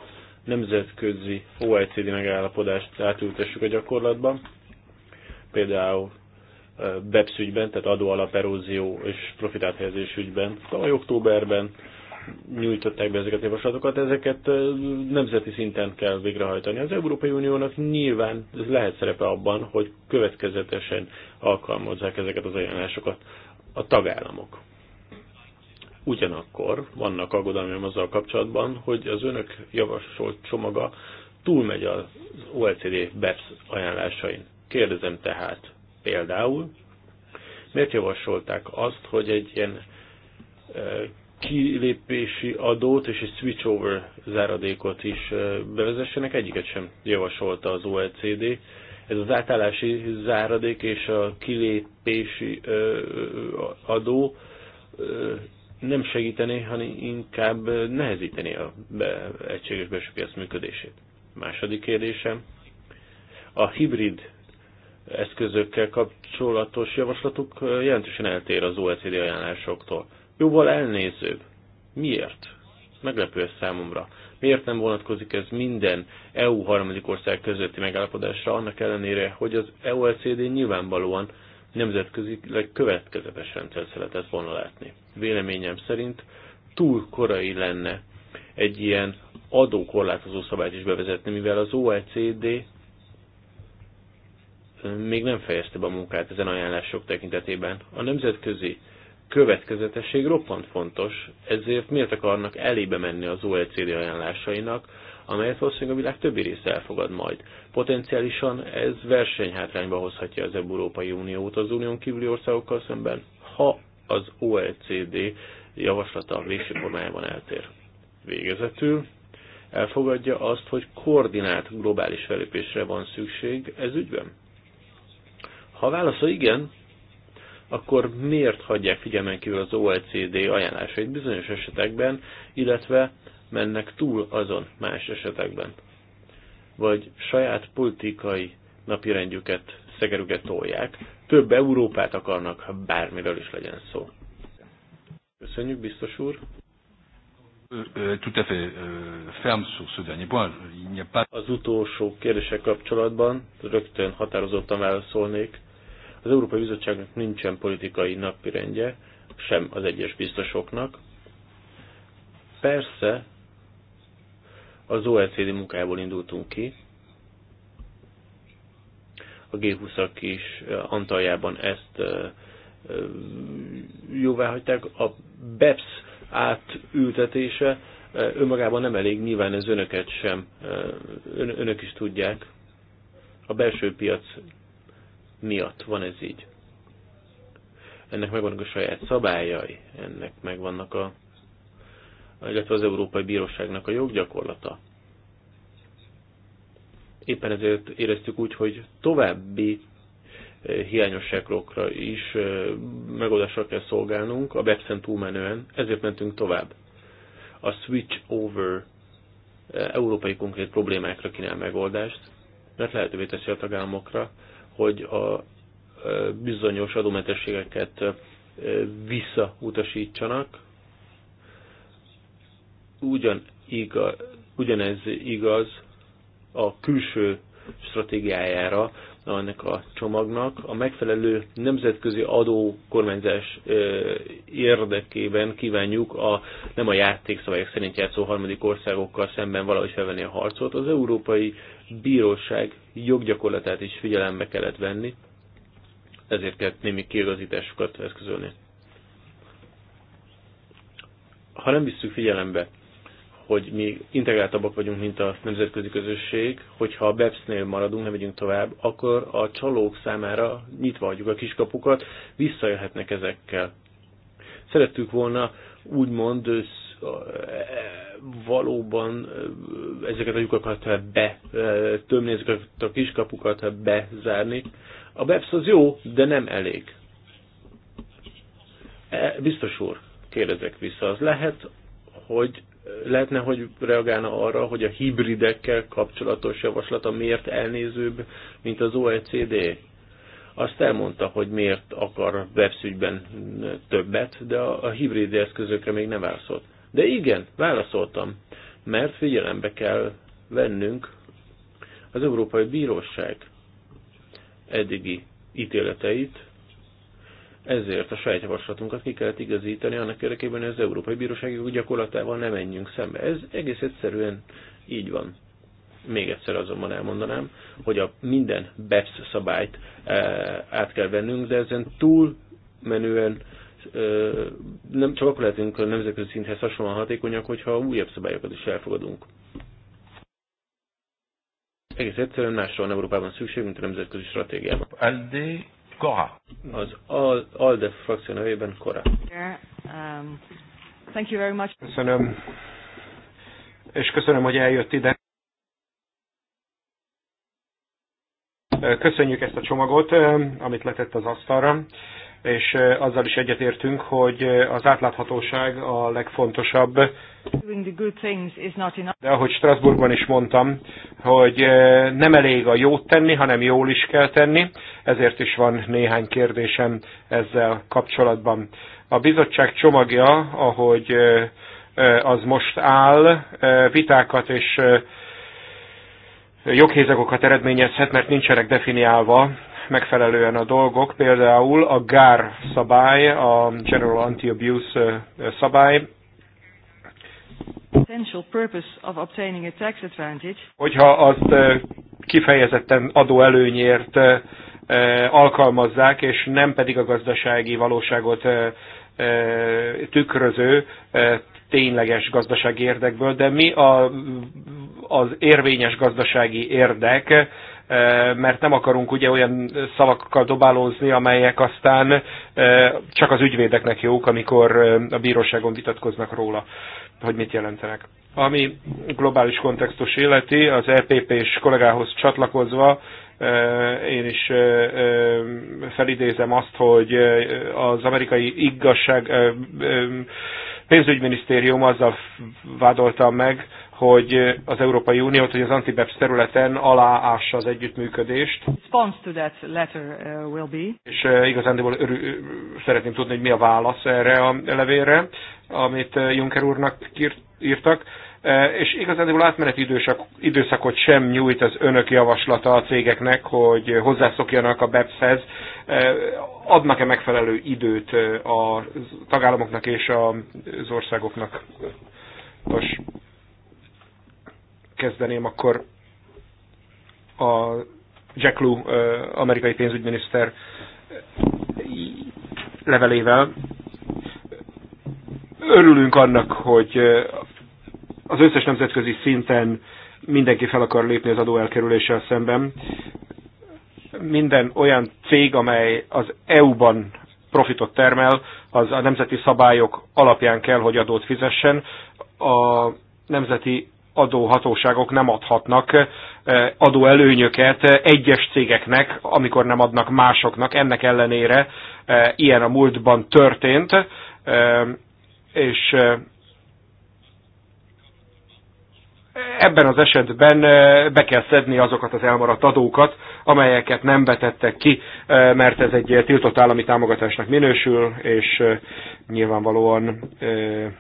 nemzetközi OECD megállapodást átültessük a gyakorlatban, például BEPS ügyben, tehát adóalap erózió és profitáthelyezés ügyben. Tavaly októberben nyújtották be ezeket a javaslatokat, ezeket nemzeti szinten kell végrehajtani. Az Európai Uniónak nyilván ez lehet szerepe abban, hogy következetesen alkalmazzák ezeket az ajánlásokat a tagállamok. Ugyanakkor vannak aggodalmaim azzal kapcsolatban, hogy az önök javasolt csomaga túlmegy az OECD BEPS ajánlásain. Kérdezem tehát például, miért javasolták azt, hogy egy ilyen kilépési adót és egy switchover záradékot is bevezessenek, egyiket sem javasolta az OECD. Ez az átállási záradék és a kilépési adó nem segíteni, hanem inkább nehezíteni a be, egységes belső piac működését. Második kérdésem, a hibrid eszközökkel kapcsolatos javaslatuk jelentősen eltér az OECD ajánlásoktól. Jóval elnézőbb. Miért? Meglepő ez számomra. Miért nem vonatkozik ez minden EU harmadik ország közötti megállapodásra, annak ellenére, hogy az OECD e nyilvánvalóan nemzetközileg következetes rendszer szeretett volna látni. Véleményem szerint túl korai lenne egy ilyen adókorlátozó szabályt is bevezetni, mivel az OECD még nem fejezte be a munkát ezen ajánlások tekintetében. A nemzetközi következetesség roppant fontos, ezért miért akarnak elébe menni az OECD ajánlásainak, amelyet valószínűleg a világ többi része elfogad majd. Potenciálisan ez versenyhátrányba hozhatja az Európai Uniót az unión kívüli országokkal szemben, ha az OECD javaslata végső formájában eltér. Végezetül elfogadja azt, hogy koordinált globális felépésre van szükség ez ügyben? Ha a válasza igen, akkor miért hagyják figyelmen kívül az OECD ajánlásait bizonyos esetekben, illetve mennek túl azon más esetekben. Vagy saját politikai napirendjüket szegerüget tolják, több Európát akarnak, ha bármiről is legyen szó. Köszönjük, biztos úr! Euh, euh, euh, az utolsó kérdése kapcsolatban rögtön határozottan válaszolnék. Az Európai Bizottságnak nincsen politikai napirendje, sem az egyes biztosoknak. Persze az OECD munkájából indultunk ki. A G20-ak is eh, Antaljában ezt eh, eh, jóvá hagyták. A BEPS átültetése önmagában nem elég, nyilván ez önöket sem, önök is tudják. A belső piac miatt van ez így. Ennek megvannak a saját szabályai, ennek megvannak a illetve az Európai Bíróságnak a joggyakorlata. Éppen ezért éreztük úgy, hogy további eh, hiányosságokra is eh, megoldásra kell szolgálnunk a webszen túlmenően, ezért mentünk tovább. A switch over eh, európai konkrét problémákra kínál megoldást, mert lehetővé teszi a tagállamokra, hogy a bizonyos adómentességeket visszautasítsanak, ugyan igaz, ugyanez igaz a külső stratégiájára ennek a csomagnak. A megfelelő nemzetközi adókormányzás érdekében kívánjuk a nem a játékszabályok szerint játszó harmadik országokkal szemben valahogy felvenni a harcot. Az Európai Bíróság joggyakorlatát is figyelembe kellett venni, ezért kell némi kiigazításokat eszközölni. Ha nem visszük figyelembe hogy mi integráltabbak vagyunk, mint a nemzetközi közösség, hogyha a BEPS-nél maradunk, nem megyünk tovább, akkor a csalók számára nyitva adjuk a kiskapukat, visszajöhetnek ezekkel. Szerettük volna úgymond valóban ezeket a lyukakat tömni ezeket a kiskapukat bezárni. A BEPS az jó, de nem elég. E, biztos úr, kérdezek vissza, az lehet, hogy lehetne, hogy reagálna arra, hogy a hibridekkel kapcsolatos javaslata miért elnézőbb, mint az OECD? Azt elmondta, hogy miért akar webszügyben többet, de a hibrid eszközökre még nem válaszolt. De igen, válaszoltam, mert figyelembe kell vennünk az Európai Bíróság eddigi ítéleteit, ezért a saját javaslatunkat ki kellett igazítani annak érdekében, hogy az Európai Bírósági gyakorlatával nem menjünk szembe. Ez egész egyszerűen így van. Még egyszer azonban elmondanám, hogy a minden BEPS szabályt e, át kell vennünk, de ezen túl menően e, nem csak akkor lehetünk a nemzetközi szinthez hasonlóan hatékonyak, hogyha újabb szabályokat is elfogadunk egész egyszerűen másra van Európában szükség, mint a nemzetközi stratégiában. Aldi, Kora. Az ALDE frakció nevében Kora. Um, thank you very much. Köszönöm. És köszönöm, hogy eljött ide. Köszönjük ezt a csomagot, um, amit letett az asztalra és azzal is egyetértünk, hogy az átláthatóság a legfontosabb. De ahogy Strasbourgban is mondtam, hogy nem elég a jót tenni, hanem jól is kell tenni, ezért is van néhány kérdésem ezzel kapcsolatban. A bizottság csomagja, ahogy az most áll, vitákat és joghézagokat eredményezhet, mert nincsenek definiálva megfelelően a dolgok, például a GAR szabály, a General Anti-Abuse szabály, hogyha azt kifejezetten adóelőnyért alkalmazzák, és nem pedig a gazdasági valóságot tükröző tényleges gazdasági érdekből, de mi a, az érvényes gazdasági érdek, mert nem akarunk ugye olyan szavakkal dobálózni, amelyek aztán csak az ügyvédeknek jók, amikor a bíróságon vitatkoznak róla, hogy mit jelentenek. Ami globális kontextus életi, az epp és kollégához csatlakozva, én is felidézem azt, hogy az amerikai igazság pénzügyminisztérium azzal vádolta meg hogy az Európai Uniót, hogy az antibeps területen aláássa az együttműködést. To that letter uh, will be. És uh, de örül, szeretném tudni, hogy mi a válasz erre a levélre, amit uh, Juncker úrnak írtak és igazán átmeneti időszak, időszakot sem nyújt az önök javaslata a cégeknek, hogy hozzászokjanak a BEPS-hez. Adnak-e megfelelő időt a tagállamoknak és az országoknak? most kezdeném, akkor a Jack Lew, amerikai pénzügyminiszter levelével. Örülünk annak, hogy az összes nemzetközi szinten mindenki fel akar lépni az adóelkerüléssel szemben. Minden olyan cég, amely az EU-ban profitot termel, az a nemzeti szabályok alapján kell, hogy adót fizessen. A nemzeti adóhatóságok nem adhatnak eh, adóelőnyöket egyes cégeknek, amikor nem adnak másoknak. Ennek ellenére eh, ilyen a múltban történt, eh, és ebben az esetben be kell szedni azokat az elmaradt adókat, amelyeket nem betettek ki, mert ez egy tiltott állami támogatásnak minősül, és nyilvánvalóan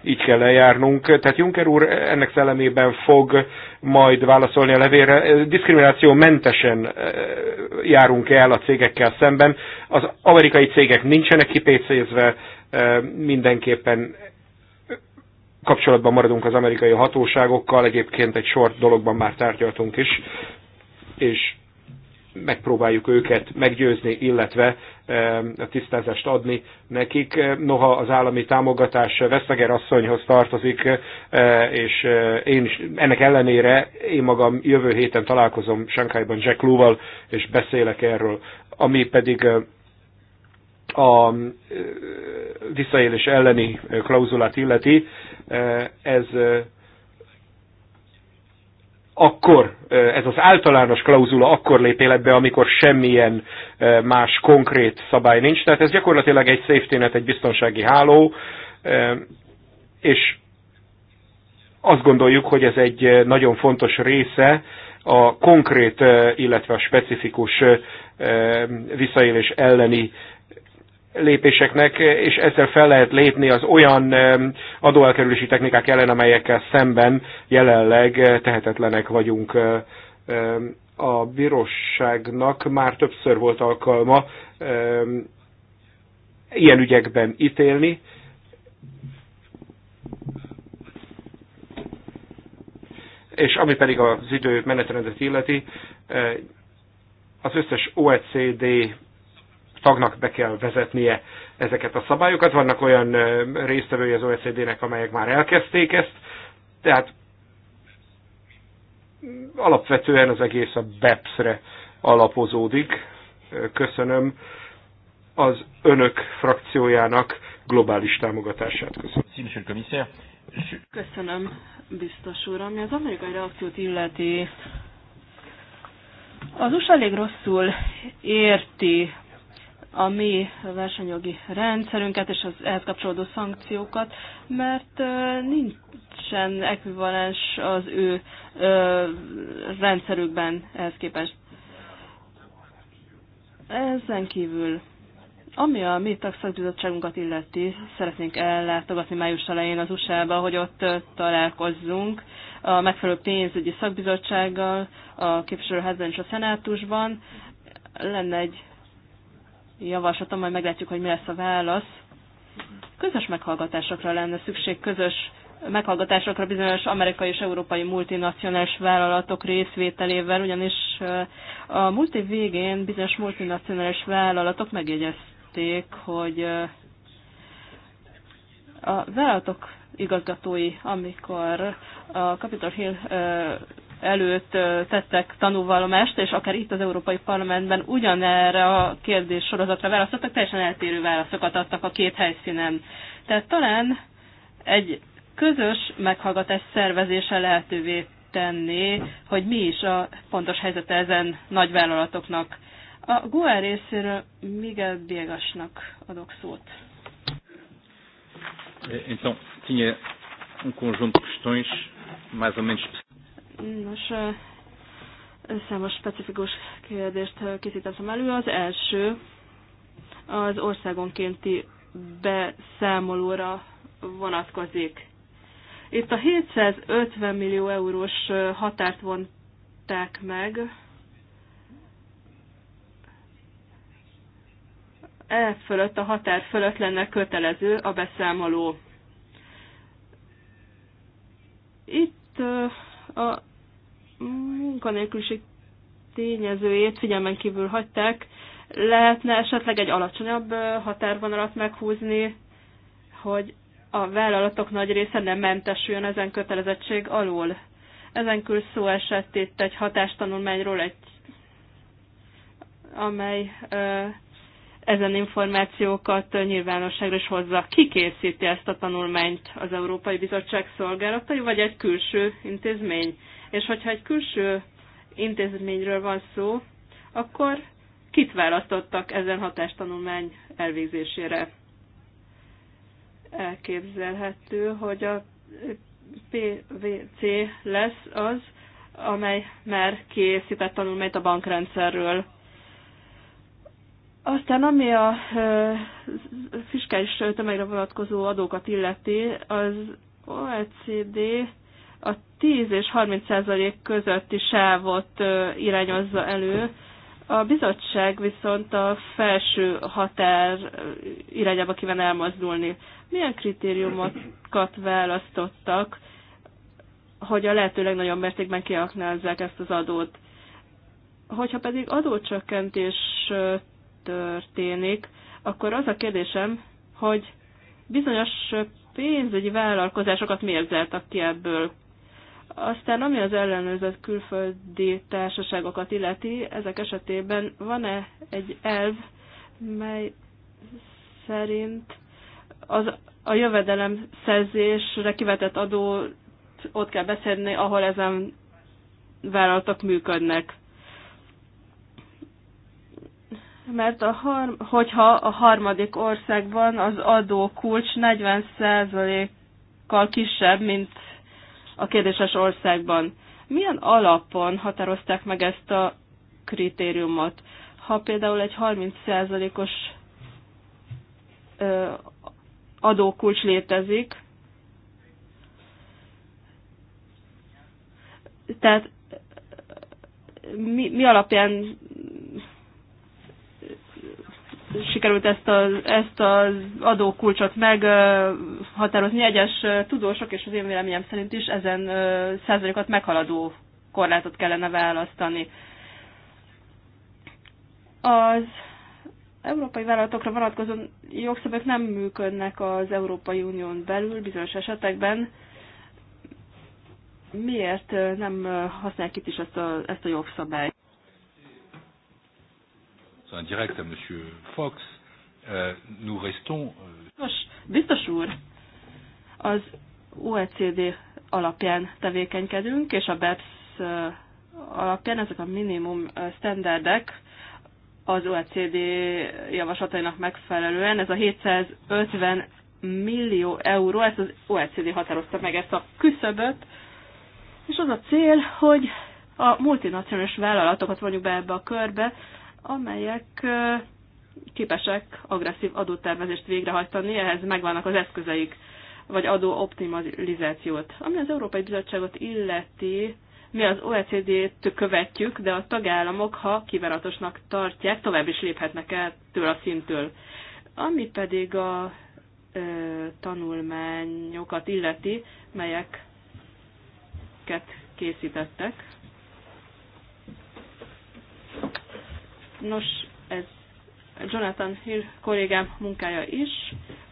így kell lejárnunk. Tehát Juncker úr ennek szellemében fog majd válaszolni a levélre. Diszkrimináció mentesen járunk el a cégekkel szemben. Az amerikai cégek nincsenek kipécézve, mindenképpen kapcsolatban maradunk az amerikai hatóságokkal, egyébként egy sor dologban már tárgyaltunk is, és megpróbáljuk őket meggyőzni, illetve e, a tisztázást adni nekik. E, noha az állami támogatás Veszteger asszonyhoz tartozik, e, és én is, ennek ellenére én magam jövő héten találkozom Sánkhájban Jack Lúval, és beszélek erről. Ami pedig a visszaélés elleni klauzulát illeti, ez akkor, ez az általános klauzula akkor lép életbe, amikor semmilyen más konkrét szabály nincs. Tehát ez gyakorlatilag egy safety net, egy biztonsági háló, és azt gondoljuk, hogy ez egy nagyon fontos része a konkrét, illetve a specifikus visszaélés elleni lépéseknek, és ezzel fel lehet lépni az olyan adóelkerülési technikák ellen, amelyekkel szemben jelenleg tehetetlenek vagyunk. A bíróságnak már többször volt alkalma ilyen ügyekben ítélni. És ami pedig az idő menetrendet illeti, eh, az összes OECD tagnak be kell vezetnie ezeket a szabályokat. Vannak olyan résztvevői az OECD-nek, amelyek már elkezdték ezt, tehát alapvetően az egész a BEPS-re alapozódik. Köszönöm az önök frakciójának globális támogatását. Köszönöm. Köszönöm, biztos úr. Ami az amerikai reakciót illeti, az USA elég rosszul érti a mi versenyjogi rendszerünket és az ehhez kapcsolódó szankciókat, mert nincsen ekvivalens az ő rendszerükben ehhez képest. Ezen kívül, ami a mi tagszakbizottságunkat illeti, szeretnénk ellátogatni május elején az USA-ba, hogy ott találkozzunk a megfelelő pénzügyi szakbizottsággal, a képviselőházban és a szenátusban. Lenne egy javaslatom, majd meglátjuk, hogy mi lesz a válasz. Közös meghallgatásokra lenne szükség, közös meghallgatásokra bizonyos amerikai és európai multinacionális vállalatok részvételével, ugyanis a múlt év végén bizonyos multinacionális vállalatok megjegyezték, hogy a vállalatok igazgatói, amikor a Capitol Hill előtt tettek tanúvallomást, és akár itt az Európai Parlamentben ugyanerre a kérdés sorozatra választottak, teljesen eltérő válaszokat adtak a két helyszínen. Tehát talán egy közös meghallgatás szervezése lehetővé tenni, hogy mi is a pontos helyzete ezen nagyvállalatoknak. A GUA részéről Miguel Biegasnak adok szót. Então, tinha um conjunto de questões mais ou menos Nos, számos specifikus kérdést készítettem elő. Az első az országonkénti beszámolóra vonatkozik. Itt a 750 millió eurós határt vonták meg. E fölött, a határ fölött lenne kötelező a beszámoló. Itt a munkanélküliség tényezőjét figyelmen kívül hagyták. Lehetne esetleg egy alacsonyabb határvonalat meghúzni, hogy a vállalatok nagy része nem mentesüljön ezen kötelezettség alól. Ezen kül szó esett itt egy hatástanulmányról, egy, amely ö, ezen információkat nyilvánosságra is hozza. Ki készíti ezt a tanulmányt? Az Európai Bizottság szolgálatai, vagy egy külső intézmény? És hogyha egy külső intézményről van szó, akkor kit választottak ezen hatástanulmány elvégzésére? Elképzelhető, hogy a PVC lesz az, amely már készített tanulmányt a bankrendszerről. Aztán ami a fiskális tömegre vonatkozó adókat illeti, az OECD a 10 és 30 százalék közötti sávot irányozza elő, a bizottság viszont a felső határ irányába kíván elmozdulni. Milyen kritériumokat választottak, hogy a lehető legnagyobb mértékben kiaknázzák ezt az adót? Hogyha pedig adócsökkentés történik, akkor az a kérdésem, hogy bizonyos pénzügyi vállalkozásokat miért zártak ki ebből. Aztán ami az ellenőrzött külföldi társaságokat illeti, ezek esetében van-e egy elv, mely szerint az, a jövedelem szerzésre kivetett adó ott kell beszedni, ahol ezen vállalatok működnek. Mert a har- hogyha a harmadik országban az adó kulcs 40%-kal kisebb, mint a kérdéses országban. Milyen alapon határozták meg ezt a kritériumot? Ha például egy 30%-os adókulcs létezik, tehát mi, mi alapján sikerült ezt az, ezt az adókulcsot meghatározni. Egyes tudósok, és az én véleményem szerint is ezen százalékot meghaladó korlátot kellene választani. Az európai vállalatokra vonatkozó jogszabályok nem működnek az Európai Unión belül bizonyos esetekben. Miért nem használják itt is ezt a, ezt a jogszabályt? indirect à Monsieur Fox, Euh, nous restons... Euh, Nos, biztos úr, az OECD alapján tevékenykedünk, és a BEPS alapján ezek a minimum standardek az OECD javaslatainak megfelelően, ez a 750 millió euró, ezt az OECD határozta meg ezt a küszöböt, és az a cél, hogy a multinacionális vállalatokat vonjuk be ebbe a körbe, amelyek képesek agresszív adótervezést végrehajtani, ehhez megvannak az eszközeik, vagy adóoptimalizációt. Ami az Európai Bizottságot illeti, mi az OECD-t követjük, de a tagállamok, ha kiveratosnak tartják, tovább is léphetnek től a szintől. Ami pedig a ö, tanulmányokat illeti, melyeket készítettek, Nos, ez Jonathan Hill kollégám munkája is.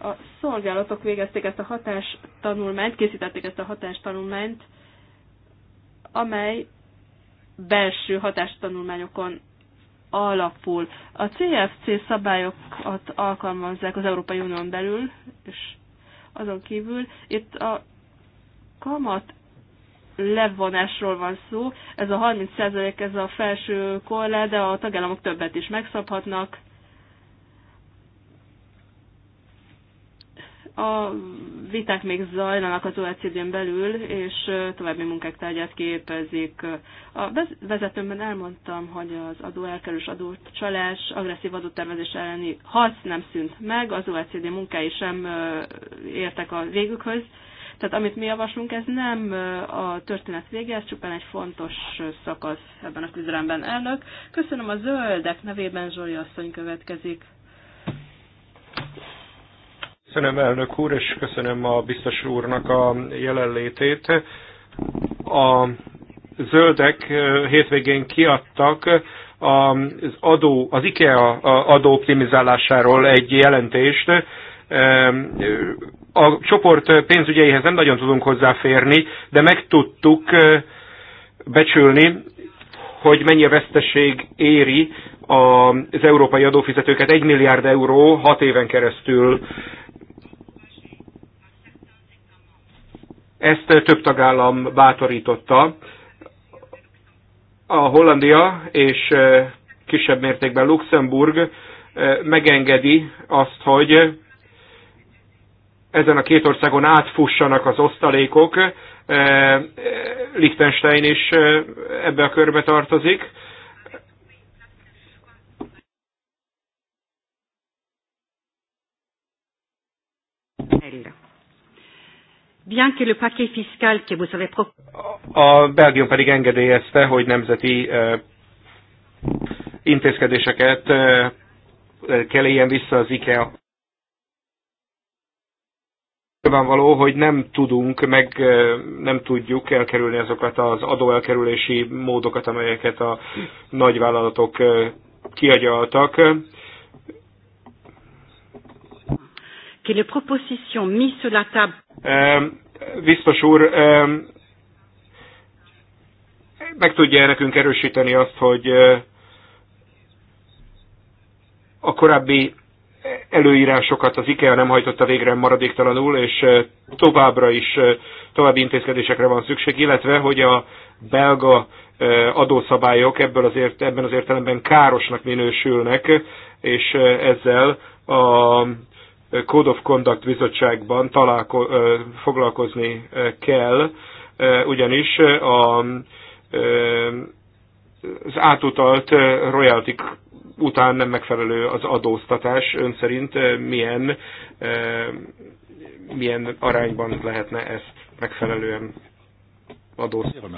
A szolgálatok végezték ezt a hatástanulmányt, készítették ezt a hatástanulmányt, amely belső hatástanulmányokon alapul. A CFC szabályokat alkalmazzák az Európai Unión belül, és azon kívül itt a kamat levonásról van szó. Ez a 30% ez a felső korlát, de a tagállamok többet is megszabhatnak. A viták még zajlanak az OECD-n belül, és további munkák tárgyát képezik. A vezetőmben elmondtam, hogy az adó elkerülés, csalás, agresszív adótervezés elleni harc nem szűnt meg, az OECD munkái sem értek a végükhöz. Tehát amit mi javaslunk, ez nem a történet vége, ez csupán egy fontos szakasz ebben a küzdelemben. Elnök, köszönöm a zöldek nevében, Zsori asszony következik. Köszönöm elnök úr, és köszönöm a biztos úrnak a jelenlétét. A zöldek hétvégén kiadtak az, adó, az IKEA adó optimizálásáról egy jelentést a csoport pénzügyeihez nem nagyon tudunk hozzáférni, de meg tudtuk becsülni, hogy mennyi a veszteség éri az európai adófizetőket. 1 milliárd euró 6 éven keresztül Ezt több tagállam bátorította. A Hollandia és kisebb mértékben Luxemburg megengedi azt, hogy ezen a két országon átfussanak az osztalékok. E, e, Liechtenstein is e, ebbe a körbe tartozik. A Belgium pedig engedélyezte, hogy nemzeti intézkedéseket kell éljen vissza az IKEA Nyilvánvaló, hogy nem tudunk, meg nem tudjuk elkerülni azokat az adóelkerülési módokat, amelyeket a nagyvállalatok kiagyaltak. Biztos úr, meg tudja nekünk erősíteni azt, hogy a korábbi előírásokat az IKEA nem hajtotta végre maradéktalanul, és továbbra is további intézkedésekre van szükség, illetve hogy a belga adószabályok ebből az ért, ebben az értelemben károsnak minősülnek, és ezzel a Code of Conduct bizottságban találko, foglalkozni kell, ugyanis a, az átutalt royalty után nem megfelelő az adóztatás. Ön szerint eh, milyen, eh, milyen arányban lehetne ezt megfelelően adóztatni?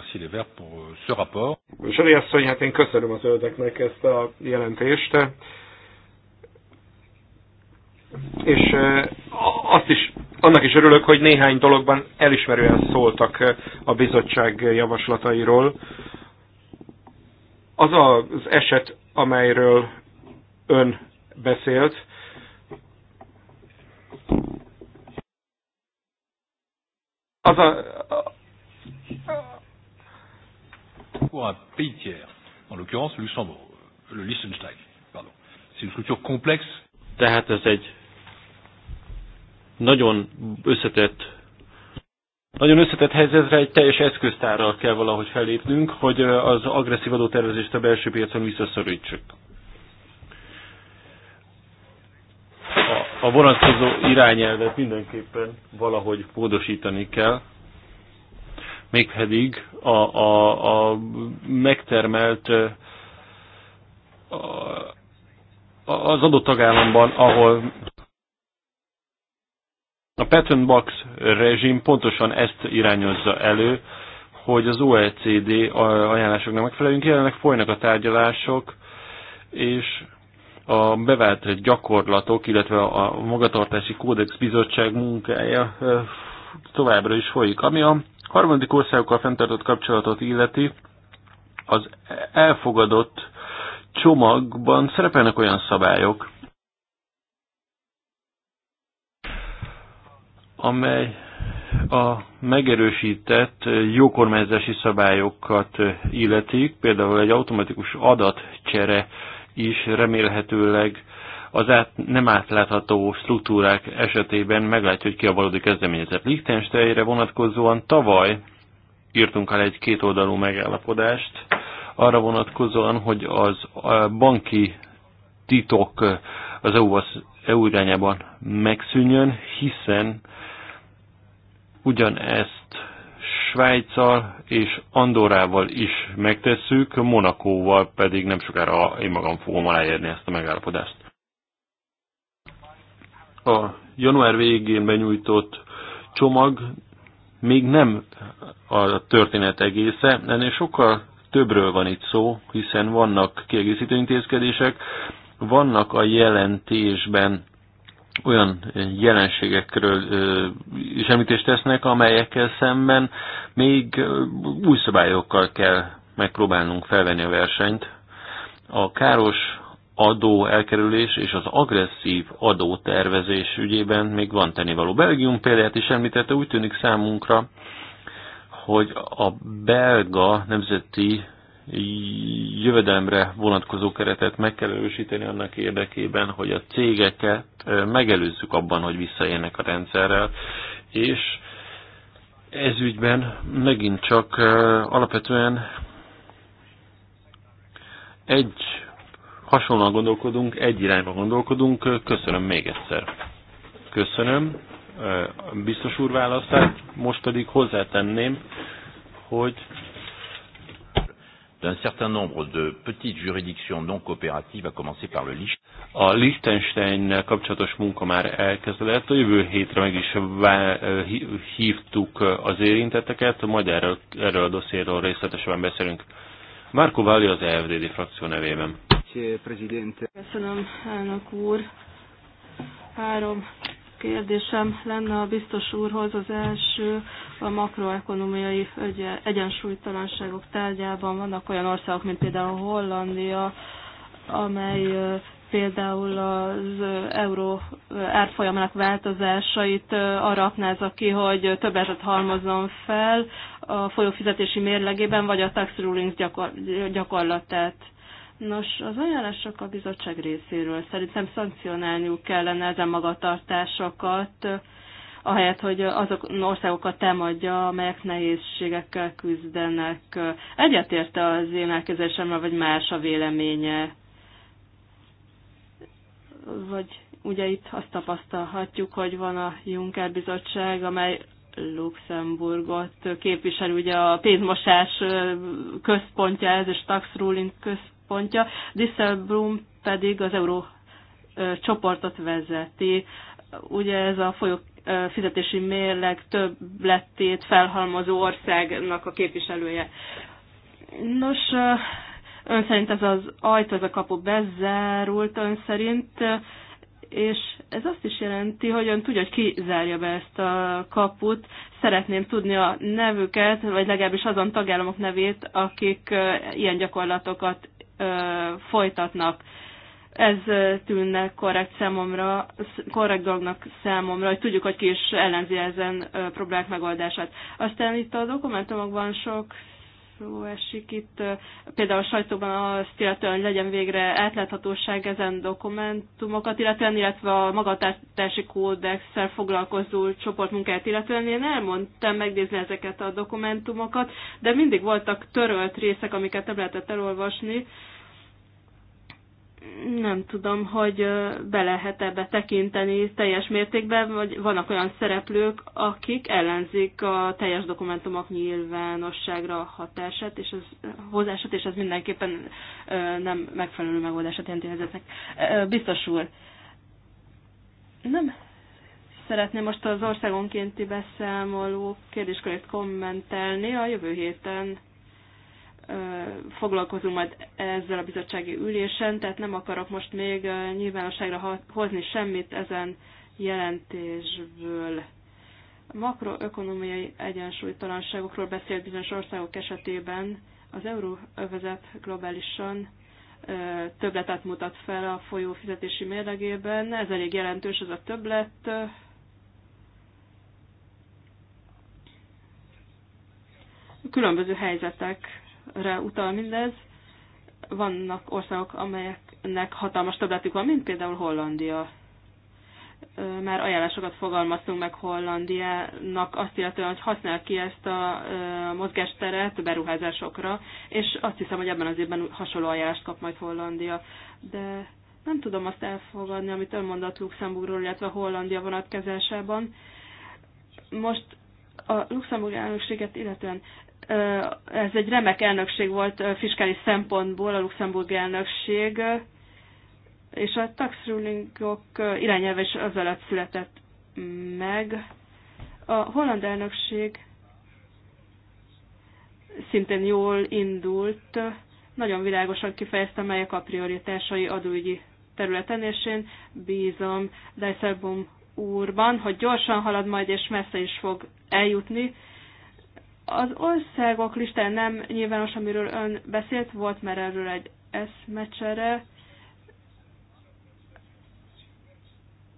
Euh, Zsori asszony, hát én köszönöm az öldeknek ezt a jelentést. És eh, azt is, annak is örülök, hogy néhány dologban elismerően szóltak a bizottság javaslatairól az az eset, amelyről ön beszélt. Az a... Pour un pays tiers, en l'occurrence le Luxembourg, le Liechtenstein, pardon. C'est une structure complexe. Tehát ez egy nagyon összetett nagyon összetett helyzetre egy teljes eszköztárral kell valahogy felépnünk, hogy az agresszív adótervezést a belső piacon visszaszorítsuk. A, a vonatkozó irányelvet mindenképpen valahogy módosítani kell, mégpedig a, a, a megtermelt a, az adott tagállamban, ahol a Patent Box rezsim pontosan ezt irányozza elő, hogy az OECD ajánlásoknak megfelelünk. Jelenleg folynak a tárgyalások, és a bevált gyakorlatok, illetve a Magatartási Kódex Bizottság munkája továbbra is folyik. Ami a harmadik országokkal fenntartott kapcsolatot illeti, az elfogadott csomagban szerepelnek olyan szabályok, amely a megerősített jókormányzási szabályokat illetik, például egy automatikus adatcsere is remélhetőleg az át, nem átlátható struktúrák esetében meglátja, hogy ki a valódi kezdeményezett. Liechtensteinre vonatkozóan tavaly írtunk el egy kétoldalú megállapodást, arra vonatkozóan, hogy az banki titok az EU, az EU irányában megszűnjön, hiszen Ugyanezt Svájccal és Andorával is megtesszük, Monakóval pedig nem sokára én magam fogom aláérni ezt a megállapodást. A január végén benyújtott csomag még nem a történet egésze, ennél sokkal többről van itt szó, hiszen vannak kiegészítő intézkedések, vannak a jelentésben olyan jelenségekről is említést tesznek, amelyekkel szemben még új szabályokkal kell megpróbálnunk felvenni a versenyt. A káros adó elkerülés és az agresszív adótervezés ügyében még van tennivaló. Belgium példát is említette, úgy tűnik számunkra, hogy a belga nemzeti jövedelemre vonatkozó keretet meg kell erősíteni annak érdekében, hogy a cégeket megelőzzük abban, hogy visszaérnek a rendszerrel, és ez ügyben megint csak alapvetően egy hasonlóan gondolkodunk, egy irányba gondolkodunk. Köszönöm még egyszer. Köszönöm. Biztos úr választát. Most pedig hozzátenném, hogy d'un certain nombre de petites juridictions non coopératives, à commencer par le Liechtenstein. A Liechtenstein kapcsolatos munka már elkezdődött, a jövő hétre meg is eh, hívtuk eh, az érintetteket, majd erről, erről a dossziéről részletesen beszélünk. Marco Valli az EFDD frakció nevében. Köszönöm, elnök úr. Három kérdésem lenne a biztos úrhoz az első, a makroekonomiai egyensúlytalanságok tárgyában vannak olyan országok, mint például Hollandia, amely például az euró árfolyamának változásait arra aknázza ki, hogy többletet halmozzon fel a folyófizetési mérlegében, vagy a tax rulings gyakor- gyakorlatát Nos, az ajánlások a bizottság részéről szerintem szankcionálniuk kellene ezen magatartásokat, ahelyett, hogy azok országokat támadja, amelyek nehézségekkel küzdenek. Egyetérte az én elképzelésemmel, vagy más a véleménye? Vagy ugye itt azt tapasztalhatjuk, hogy van a Juncker bizottság, amely Luxemburgot képvisel, ugye a pénzmosás központja ez, és tax ruling központja, központja, Disselblum pedig az euró csoportot vezeti. Ugye ez a folyó fizetési mérleg többletét felhalmozó országnak a képviselője. Nos, ön szerint ez az ajtó, ez a kapu bezárult ön szerint, és ez azt is jelenti, hogy ön tudja, hogy ki zárja be ezt a kaput. Szeretném tudni a nevüket, vagy legalábbis azon tagállamok nevét, akik ilyen gyakorlatokat folytatnak. Ez tűnne korrekt számomra, korrekt dolognak számomra, hogy tudjuk, hogy ki is ellenzi ezen problémák megoldását. Aztán itt a dokumentumokban sok szó esik itt. Például a sajtóban azt illetve, hogy legyen végre átláthatóság ezen dokumentumokat, illetően, illetve a magatartási kódexsel foglalkozó csoportmunkát, illetően én elmondtam megnézni ezeket a dokumentumokat, de mindig voltak törölt részek, amiket nem lehetett elolvasni, nem tudom, hogy be lehet ebbe tekinteni teljes mértékben, vagy vannak olyan szereplők, akik ellenzik a teljes dokumentumok nyilvánosságra hatását, és az hozását, és ez mindenképpen nem megfelelő megoldását jelenti helyzetnek. Biztos úr, nem szeretném most az országonkénti beszámoló kérdéskörét kommentelni a jövő héten foglalkozunk majd ezzel a bizottsági ülésen, tehát nem akarok most még nyilvánosságra hozni semmit ezen jelentésből. A makroökonomiai egyensúlytalanságokról beszélt bizonyos országok esetében az euróövezet globálisan többletet mutat fel a folyó fizetési mérlegében. Ez elég jelentős, ez a többlet. Különböző helyzetek re utal mindez. Vannak országok, amelyeknek hatalmas többletük van, mint például Hollandia. Már ajánlásokat fogalmaztunk meg Hollandiának azt illetően, hogy használ ki ezt a mozgásteret beruházásokra, és azt hiszem, hogy ebben az évben hasonló ajánlást kap majd Hollandia. De nem tudom azt elfogadni, amit ön mondott Luxemburgról, illetve Hollandia vonatkezésében. Most a Luxemburg elnökséget illetően ez egy remek elnökség volt fiskális szempontból, a luxemburgi elnökség, és a tax rulingok irányelve is az alatt született meg. A holland elnökség szintén jól indult, nagyon világosan kifejezte, melyek a prioritásai adóügyi területen, és én bízom Dijsselbom úrban, hogy gyorsan halad majd, és messze is fog eljutni, az országok listáján nem nyilvános, amiről ön beszélt, volt már erről egy eszmecsere.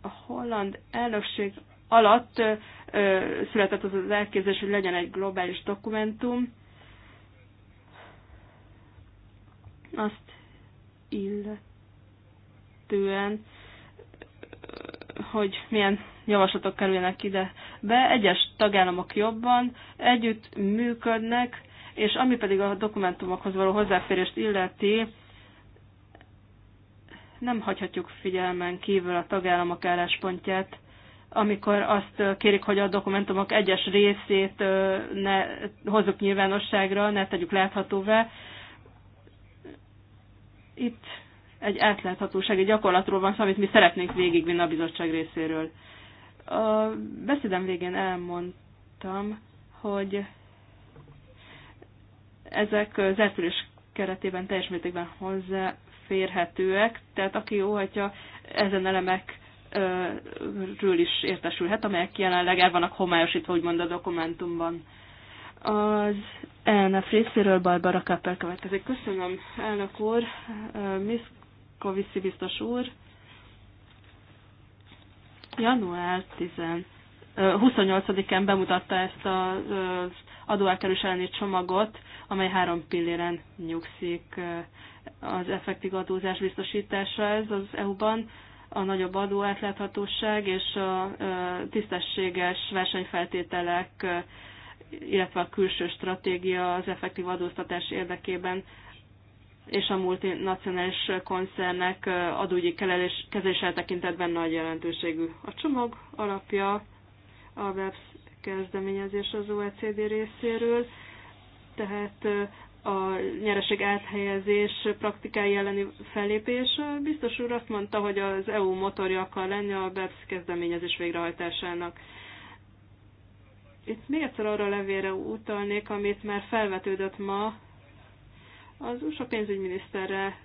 A holland elnökség alatt ö, született az az elképzelés, hogy legyen egy globális dokumentum. Azt illetően, hogy milyen javaslatok kerüljenek ide be, egyes tagállamok jobban együtt működnek, és ami pedig a dokumentumokhoz való hozzáférést illeti, nem hagyhatjuk figyelmen kívül a tagállamok álláspontját, amikor azt kérik, hogy a dokumentumok egyes részét ne hozzuk nyilvánosságra, ne tegyük láthatóvá. Itt egy átláthatósági gyakorlatról van szó, amit mi szeretnénk végigvinni a bizottság részéről. A beszédem végén elmondtam, hogy ezek zártülés keretében teljes mértékben hozzáférhetőek, tehát aki óhatja, ezen elemek ről is értesülhet, amelyek jelenleg el vannak homályosítva, úgymond a dokumentumban. Az elnök részéről Barbara Kappel következik. Köszönöm, elnök úr, Miszkovici biztos úr. Január 28-án bemutatta ezt az adóelkerülés elleni csomagot, amely három pilléren nyugszik az effektív adózás biztosítása ez az EU-ban, a nagyobb adóátláthatóság és a tisztességes versenyfeltételek, illetve a külső stratégia az effektív adóztatás érdekében és a multinacionális koncernek adógyi kezelése tekintetben nagy jelentőségű. A csomag alapja a BEPS kezdeményezés az OECD részéről, tehát a nyereség áthelyezés praktikái elleni fellépés. Biztos úr azt mondta, hogy az EU motorja akar lenni a BEPS kezdeményezés végrehajtásának. Itt még egyszer arra levére utalnék, amit már felvetődött ma, az USA pénzügyminiszterre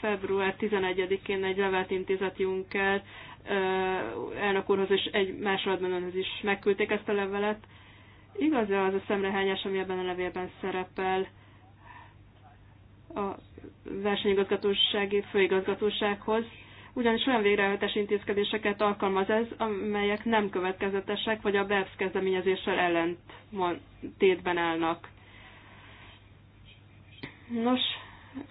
február 11-én egy levelet intézett Juncker elnök úrhoz és egy másolatban önhöz is megküldték ezt a levelet. igaz -e az a szemrehányás, ami ebben a levélben szerepel a versenyigazgatósági főigazgatósághoz, ugyanis olyan végrehajtási intézkedéseket alkalmaz ez, amelyek nem következetesek, vagy a BEPS kezdeményezéssel ellentétben állnak. Nos,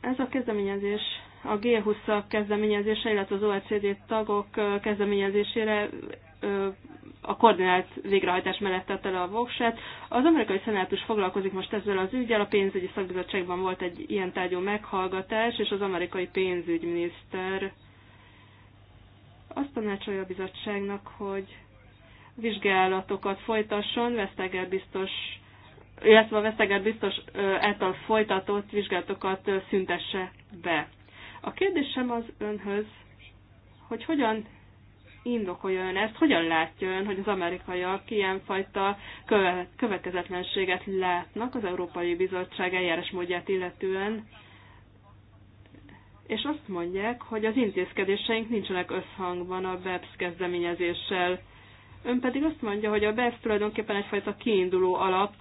ez a kezdeményezés a G20 kezdeményezése, illetve az OECD tagok kezdeményezésére a koordinált végrehajtás mellett tette le a voksát. Az amerikai szenátus foglalkozik most ezzel az ügyel, a pénzügyi szakbizottságban volt egy ilyen tárgyú meghallgatás, és az amerikai pénzügyminiszter azt tanácsolja a bizottságnak, hogy vizsgálatokat folytasson, Vesztegel biztos illetve a veszeget biztos által folytatott vizsgálatokat szüntesse be. A kérdésem az önhöz, hogy hogyan indokolja ön ezt, hogyan látja ön, hogy az amerikaiak ilyenfajta következetlenséget látnak az Európai Bizottság eljárás módját illetően, és azt mondják, hogy az intézkedéseink nincsenek összhangban a BEPS kezdeményezéssel. Ön pedig azt mondja, hogy a BEPS tulajdonképpen egyfajta kiinduló alap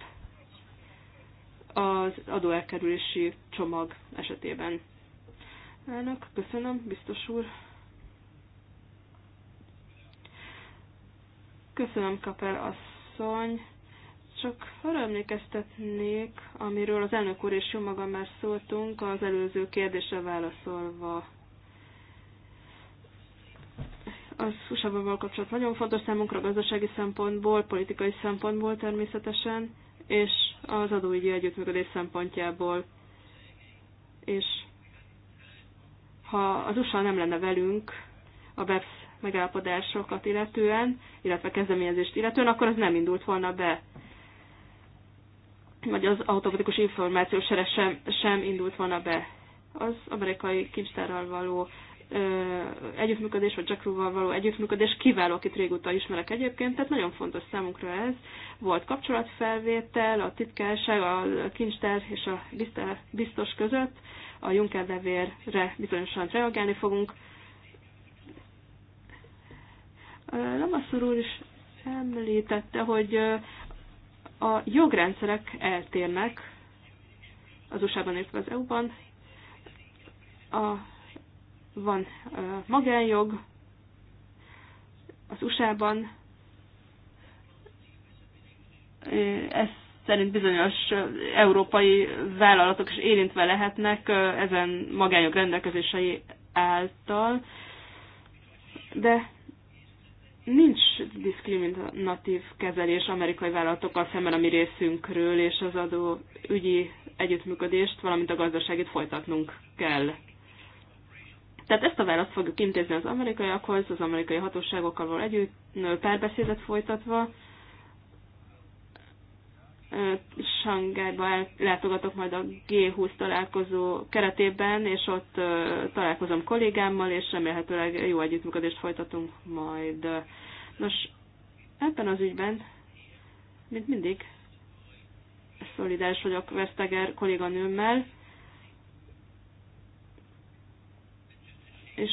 az adóelkerülési csomag esetében. Elnök, köszönöm, biztos úr. Köszönöm, Kapel asszony. Csak arra emlékeztetnék, amiről az elnök úr és jó magam már szóltunk, az előző kérdésre válaszolva. Az USA-val kapcsolat nagyon fontos számunkra gazdasági szempontból, politikai szempontból természetesen, és az adóügyi együttműködés szempontjából. És ha az USA nem lenne velünk a BEPS megállapodásokat illetően, illetve kezdeményezést illetően, akkor az nem indult volna be. Vagy az automatikus információs sem, sem indult volna be. Az amerikai kincstárral való együttműködés, vagy Jackrew-val való együttműködés, kiváló, akit régóta ismerek egyébként, tehát nagyon fontos számunkra ez. Volt kapcsolatfelvétel, a titkárság, a kincster és a biztos között, a Juncker levérre bizonyosan reagálni fogunk. Lamasszur úr is említette, hogy a jogrendszerek eltérnek az USA-ban, illetve az EU-ban. A van magánjog, az USA-ban ez szerint bizonyos európai vállalatok is érintve lehetnek ezen magányok rendelkezései által, de nincs diszkriminatív kezelés amerikai vállalatokkal szemben a mi részünkről, és az adó ügyi együttműködést, valamint a gazdaságit folytatnunk kell. Tehát ezt a választ fogjuk intézni az amerikaiakhoz, az amerikai hatóságokkal való együtt párbeszédet folytatva. Sangárba látogatok majd a G20 találkozó keretében, és ott találkozom kollégámmal, és remélhetőleg jó együttműködést folytatunk majd. Nos, ebben az ügyben, mint mindig, szolidáris vagyok Veszteger kolléganőmmel, és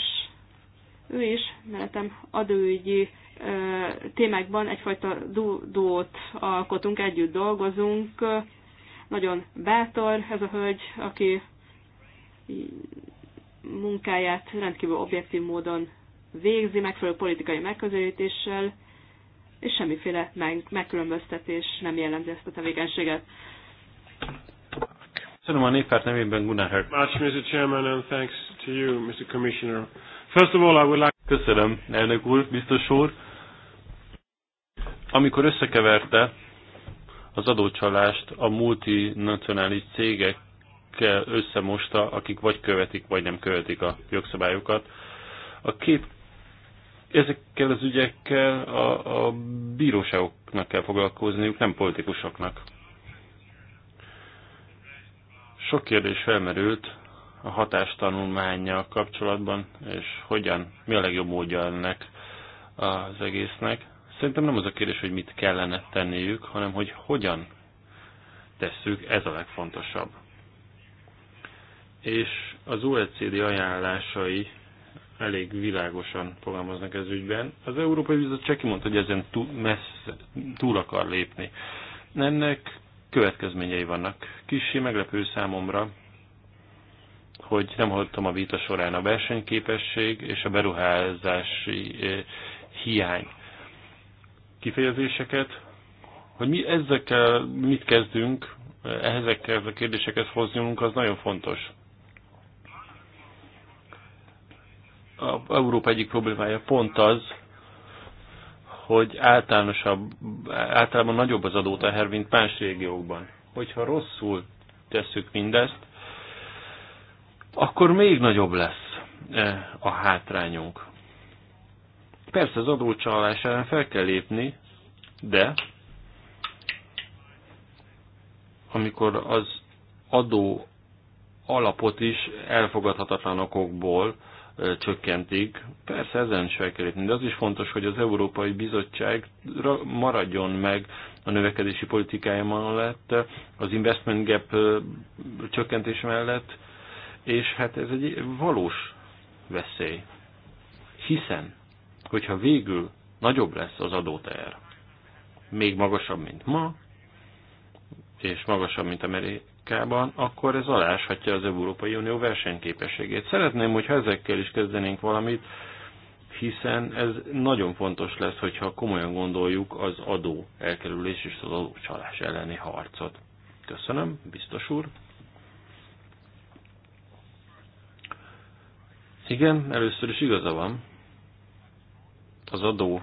ő is mellettem adóügyi témákban egyfajta duót alkotunk, együtt dolgozunk. Nagyon bátor ez a hölgy, aki munkáját rendkívül objektív módon végzi, megfelelő politikai megközelítéssel, és semmiféle megkülönböztetés nem jellemzi ezt a tevékenységet. Köszönöm a néppárt nevében Gunnar Herc. Much, Mr. Chairman, and thanks to you, Mr. Commissioner. First of all, I would like... Köszönöm, elnök úr, biztos úr. Amikor összekeverte az adócsalást a multinacionális cégekkel összemosta, akik vagy követik, vagy nem követik a jogszabályokat, a két ezekkel az ügyekkel a, a bíróságoknak kell foglalkozniuk, nem politikusoknak. Sok kérdés felmerült a hatástanulmányjal kapcsolatban, és hogyan, mi a legjobb módja ennek az egésznek. Szerintem nem az a kérdés, hogy mit kellene tenniük, hanem hogy hogyan tesszük, ez a legfontosabb. És az OECD ajánlásai elég világosan fogalmaznak ez ügyben. Az Európai Bizottság kimondta, hogy ezen túl, messze, túl akar lépni. Ennek következményei vannak. Kissé meglepő számomra, hogy nem hallottam a vita során a versenyképesség és a beruházási eh, hiány kifejezéseket, hogy mi ezekkel mit kezdünk, eh, ezekkel a kérdésekhez hozzunk, az nagyon fontos. A Európa egyik problémája pont az, hogy általánosabb, általában nagyobb az adóteher, mint más régiókban. Hogyha rosszul tesszük mindezt, akkor még nagyobb lesz e, a hátrányunk. Persze az adócsalás ellen fel kell lépni, de amikor az adó alapot is elfogadhatatlan okokból csökkentik. Persze ezen is fel kell lépni, de az is fontos, hogy az Európai Bizottság maradjon meg a növekedési politikája mellett, az investment gap csökkentés mellett, és hát ez egy valós veszély. Hiszen, hogyha végül nagyobb lesz az adóter, még magasabb, mint ma, és magasabb, mint Amerikában, akkor ez aláshatja az Európai Unió versenyképességét. Szeretném, hogyha ezekkel is kezdenénk valamit, hiszen ez nagyon fontos lesz, hogyha komolyan gondoljuk az adó elkerülés és az adócsalás elleni harcot. Köszönöm, biztos úr. Igen, először is igaza van. Az adó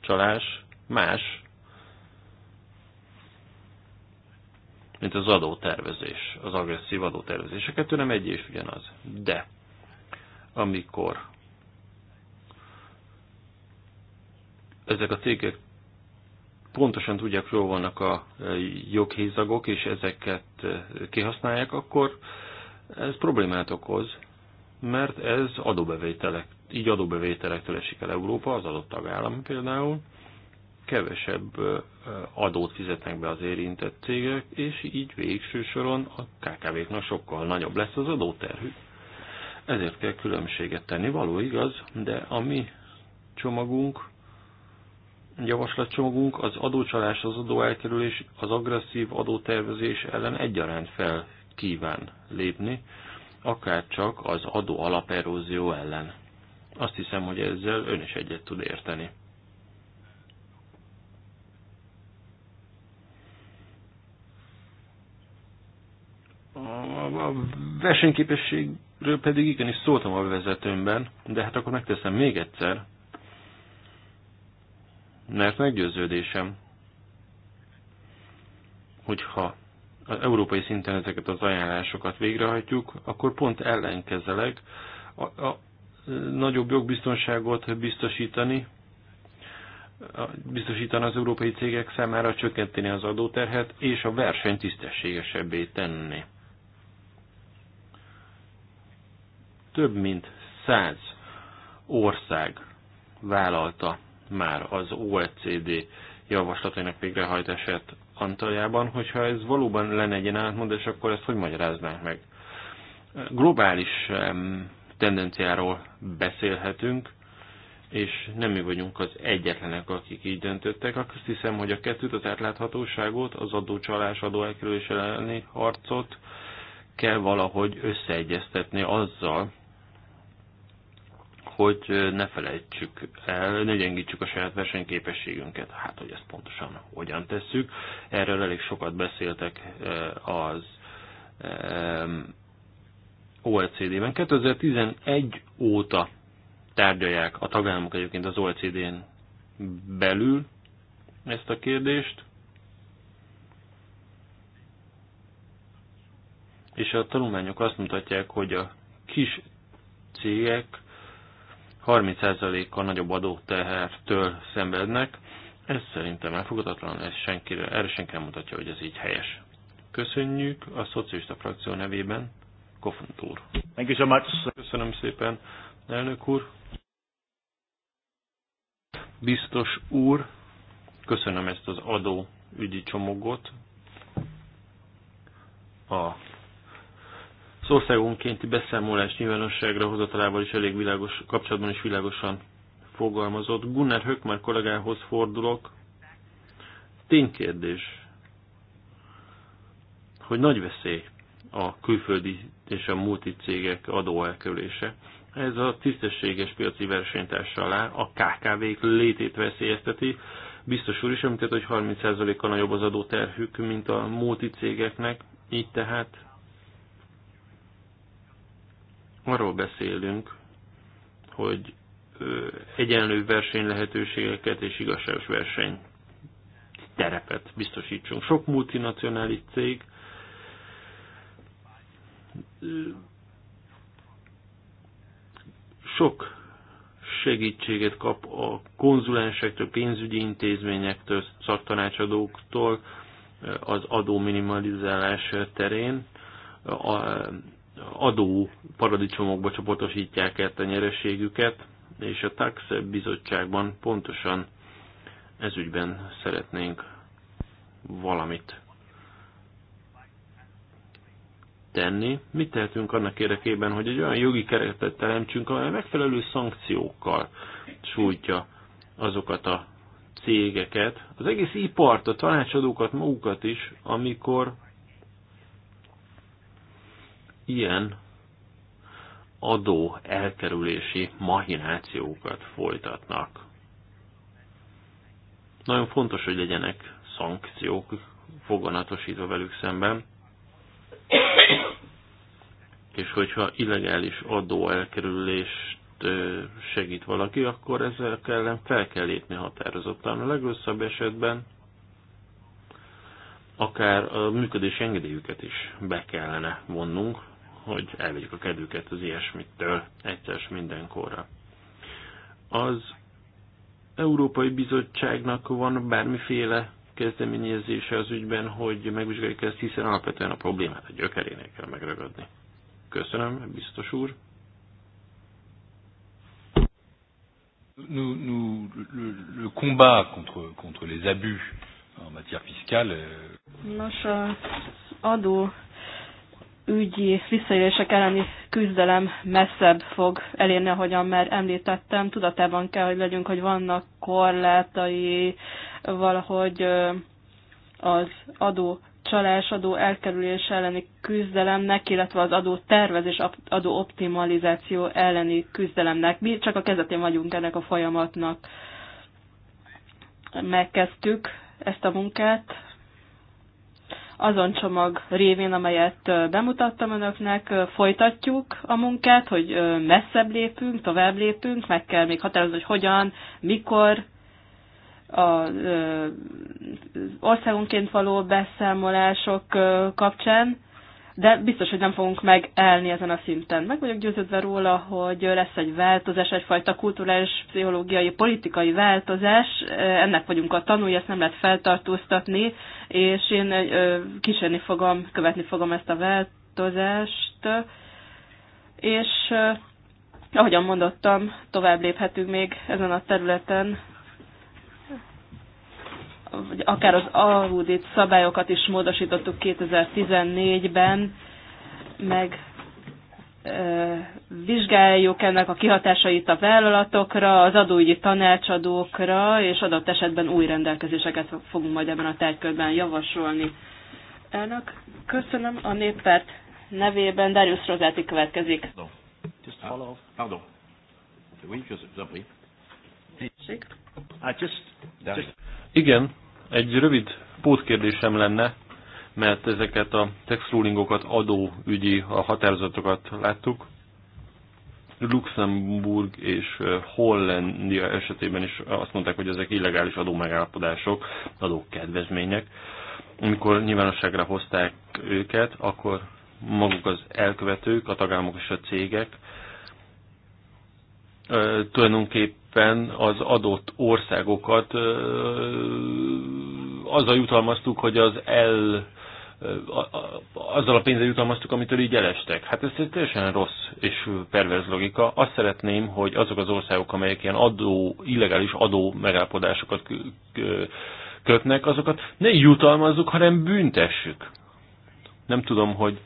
csalás más, mint az adótervezés, az agresszív adótervezés. A kettő nem egy és ugyanaz. De amikor ezek a cégek pontosan tudják, hol vannak a joghézagok, és ezeket kihasználják, akkor ez problémát okoz, mert ez adóbevételek, így adóbevételektől esik el Európa, az adott tagállam például, kevesebb adót fizetnek be az érintett cégek, és így végső soron a KKV-knak sokkal nagyobb lesz az adóterhük. Ezért kell különbséget tenni, való igaz, de a mi csomagunk, javaslatcsomagunk az adócsalás, az adóelkerülés, az agresszív adótervezés ellen egyaránt fel kíván lépni, akár csak az adó alaperózió ellen. Azt hiszem, hogy ezzel ön is egyet tud érteni. a versenyképességről pedig igenis szóltam a vezetőmben, de hát akkor megteszem még egyszer, mert meggyőződésem, hogyha az európai szinten ezeket az ajánlásokat végrehajtjuk, akkor pont ellenkezelek a, a nagyobb jogbiztonságot biztosítani, biztosítani az európai cégek számára, csökkenteni az adóterhet és a verseny tisztességesebbé tenni. Több mint száz ország vállalta már az OECD javaslatainak végrehajtását Antaljában, hogyha ez valóban lenne egy átmondás, akkor ezt hogy magyaráznánk meg? Globális tendenciáról beszélhetünk, és nem mi vagyunk az egyetlenek, akik így döntöttek. Azt hiszem, hogy a kettőt, az átláthatóságot, az adócsalás, elkerülés elleni harcot kell valahogy összeegyeztetni azzal, hogy ne felejtsük el, ne gyengítsük a saját versenyképességünket. Hát, hogy ezt pontosan hogyan tesszük. Erről elég sokat beszéltek eh, az OECD-ben. 2011 óta tárgyalják a tagállamok egyébként az OECD-n belül ezt a kérdést. És a tanulmányok azt mutatják, hogy a kis cégek 30%-kal nagyobb adótehertől szenvednek. Ez szerintem elfogadatlan, ez senkire, erre senki nem mutatja, hogy ez így helyes. Köszönjük a szocialista frakció nevében, Kofont úr. Thank you so much. Köszönöm szépen, elnök úr. Biztos úr, köszönöm ezt az adó ügyi csomagot. A az országonkénti beszámolás nyilvánosságra hozatalával is elég világos, kapcsolatban is világosan fogalmazott. Gunnar Hökmár kollégához fordulok. Ténykérdés, hogy nagy veszély a külföldi és a multicégek adóelkerülése. Ez a tisztességes piaci versenytárs alá a KKV-k létét veszélyezteti. Biztos úr is említett, hogy 30%-kal nagyobb az adóterhük, mint a cégeknek. így tehát arról beszélünk, hogy egyenlő verseny lehetőségeket és igazságos verseny terepet biztosítsunk. Sok multinacionális cég sok segítséget kap a konzulensektől, pénzügyi intézményektől, szaktanácsadóktól az adó minimalizálás terén adó paradicsomokba csoportosítják el a nyereségüket, és a TAX bizottságban pontosan ezügyben szeretnénk valamit tenni. Mit tehetünk annak érdekében, hogy egy olyan jogi keretet teremtsünk, amely megfelelő szankciókkal sújtja azokat a cégeket, az egész ipart, a tanácsadókat, magukat is, amikor ilyen adó elkerülési mahinációkat folytatnak. Nagyon fontos, hogy legyenek szankciók foganatosítva velük szemben, és hogyha illegális adó elkerülést segít valaki, akkor ezzel ellen fel kell lépni határozottan. A legrosszabb esetben akár a működés engedélyüket is be kellene vonnunk, hogy elvegyük a kedvüket az ilyesmittől egyszer mindenkorra. Az Európai Bizottságnak van bármiféle kezdeményezése az ügyben, hogy megvizsgáljuk ezt, hiszen alapvetően a problémát a gyökerénél kell megragadni. Köszönöm, biztos úr. Nous, nous, le, le combat contre, contre les abus en matière fiscale. Euh, Nos, euh, adó ügyi visszaélések elleni küzdelem messzebb fog elérni, ahogyan már említettem. Tudatában kell, hogy legyünk, hogy vannak korlátai, valahogy az adó csalás, adó elkerülés elleni küzdelemnek, illetve az adó tervezés, adó optimalizáció elleni küzdelemnek. Mi csak a kezetén vagyunk ennek a folyamatnak. Megkezdtük ezt a munkát, azon csomag révén, amelyet bemutattam önöknek, folytatjuk a munkát, hogy messzebb lépünk, tovább lépünk, meg kell még határozni, hogy hogyan, mikor, az országonként való beszámolások kapcsán, de biztos, hogy nem fogunk megelni ezen a szinten. Meg vagyok győződve róla, hogy lesz egy változás, egyfajta kulturális, pszichológiai, politikai változás, ennek vagyunk a tanulja, ezt nem lehet feltartóztatni, és én kísérni fogom, követni fogom ezt a változást, és ahogyan mondottam, tovább léphetünk még ezen a területen, vagy akár az audit szabályokat is módosítottuk 2014-ben, meg vizsgáljuk ennek a kihatásait a vállalatokra, az adóügyi tanácsadókra, és adott esetben új rendelkezéseket fogunk majd ebben a tárgykörben javasolni. Elnök, köszönöm a néppárt nevében, Darius Rozáti következik. just... Igen, egy rövid pótkérdésem lenne, mert ezeket a tax rulingokat, adóügyi a határozatokat láttuk. Luxemburg és Hollandia esetében is azt mondták, hogy ezek illegális adómegállapodások, adókedvezmények. Amikor nyilvánosságra hozták őket, akkor maguk az elkövetők, a tagállamok és a cégek tulajdonképpen az adott országokat azzal jutalmaztuk, hogy az el azzal a pénzzel jutalmaztuk, amitől így elestek. Hát ez egy teljesen rossz és perverz logika. Azt szeretném, hogy azok az országok, amelyek ilyen adó, illegális adó megállapodásokat kötnek, azokat ne jutalmazzuk, hanem büntessük. Nem tudom, hogy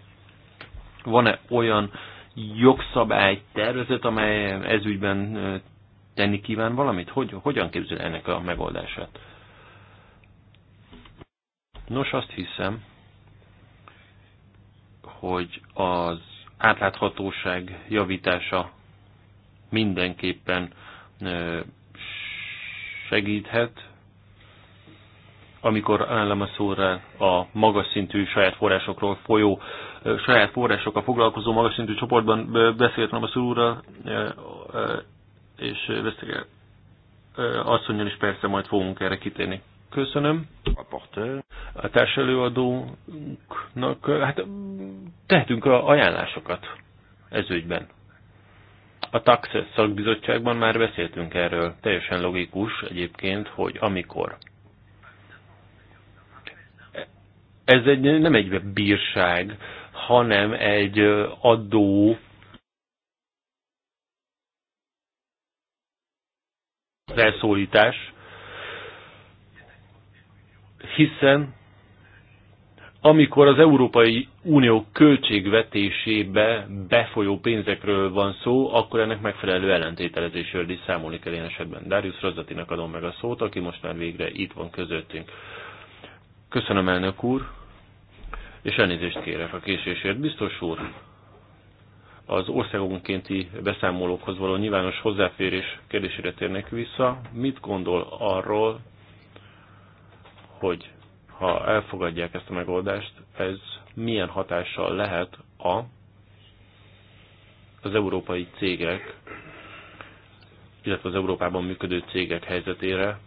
van-e olyan uh, jogszabály tervezet, amely ezügyben tenni kíván valamit? Hogy, hogyan képzel ennek a megoldását? Nos, azt hiszem, hogy az átláthatóság javítása mindenképpen segíthet, amikor állam a szóra a magas szintű saját forrásokról folyó saját forrásokkal foglalkozó magas szintű csoportban beszéltem a szurúra, és azt asszonyon is persze majd fogunk erre kitérni. Köszönöm. A társelőadónknak, hát tehetünk a ajánlásokat Ez ügyben. A Taxes szakbizottságban már beszéltünk erről. Teljesen logikus egyébként, hogy amikor ez egy, nem egy bírság, hanem egy adó felszólítás, hiszen amikor az Európai Unió költségvetésébe befolyó pénzekről van szó, akkor ennek megfelelő ellentételezésről is számolni kell ilyen esetben. Darius Razatinak adom meg a szót, aki most már végre itt van közöttünk. Köszönöm, elnök úr! és elnézést kérek a késésért. Biztos úr, az országunkénti beszámolókhoz való nyilvános hozzáférés kérdésére térnek vissza. Mit gondol arról, hogy ha elfogadják ezt a megoldást, ez milyen hatással lehet a az európai cégek, illetve az Európában működő cégek helyzetére,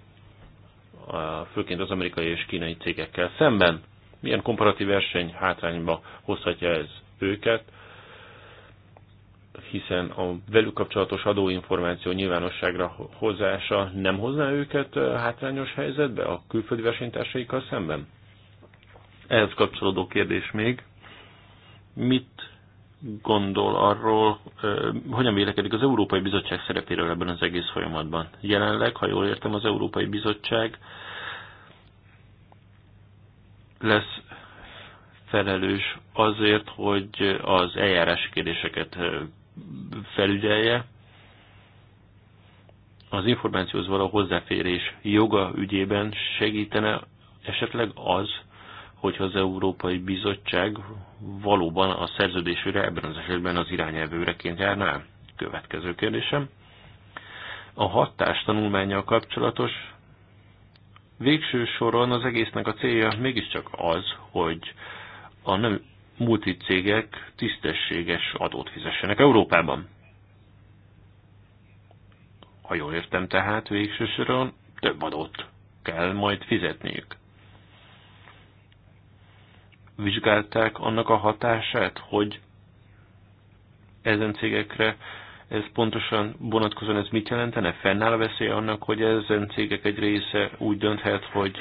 főként az amerikai és kínai cégekkel szemben milyen komparatív verseny hátrányba hozhatja ez őket, hiszen a velük kapcsolatos adóinformáció nyilvánosságra hozása nem hozná őket hátrányos helyzetbe a külföldi versenytársaikkal szemben? Ehhez kapcsolódó kérdés még, mit gondol arról, hogyan vélekedik az Európai Bizottság szerepéről ebben az egész folyamatban? Jelenleg, ha jól értem, az Európai Bizottság lesz felelős azért, hogy az eljárás kérdéseket felügyelje. Az információhoz való hozzáférés joga ügyében segítene esetleg az, hogyha az Európai Bizottság valóban a szerződésére, ebben az esetben az irányelvőreként járná? Következő kérdésem. A hatástanulmányjal kapcsolatos Végső soron az egésznek a célja mégiscsak az, hogy a nem multicégek tisztességes adót fizessenek Európában. Ha jól értem tehát, végső soron több adót kell majd fizetniük. Vizsgálták annak a hatását, hogy ezen cégekre ez pontosan vonatkozóan ez mit jelentene? Fennáll a veszély annak, hogy ezen cégek egy része úgy dönthet, hogy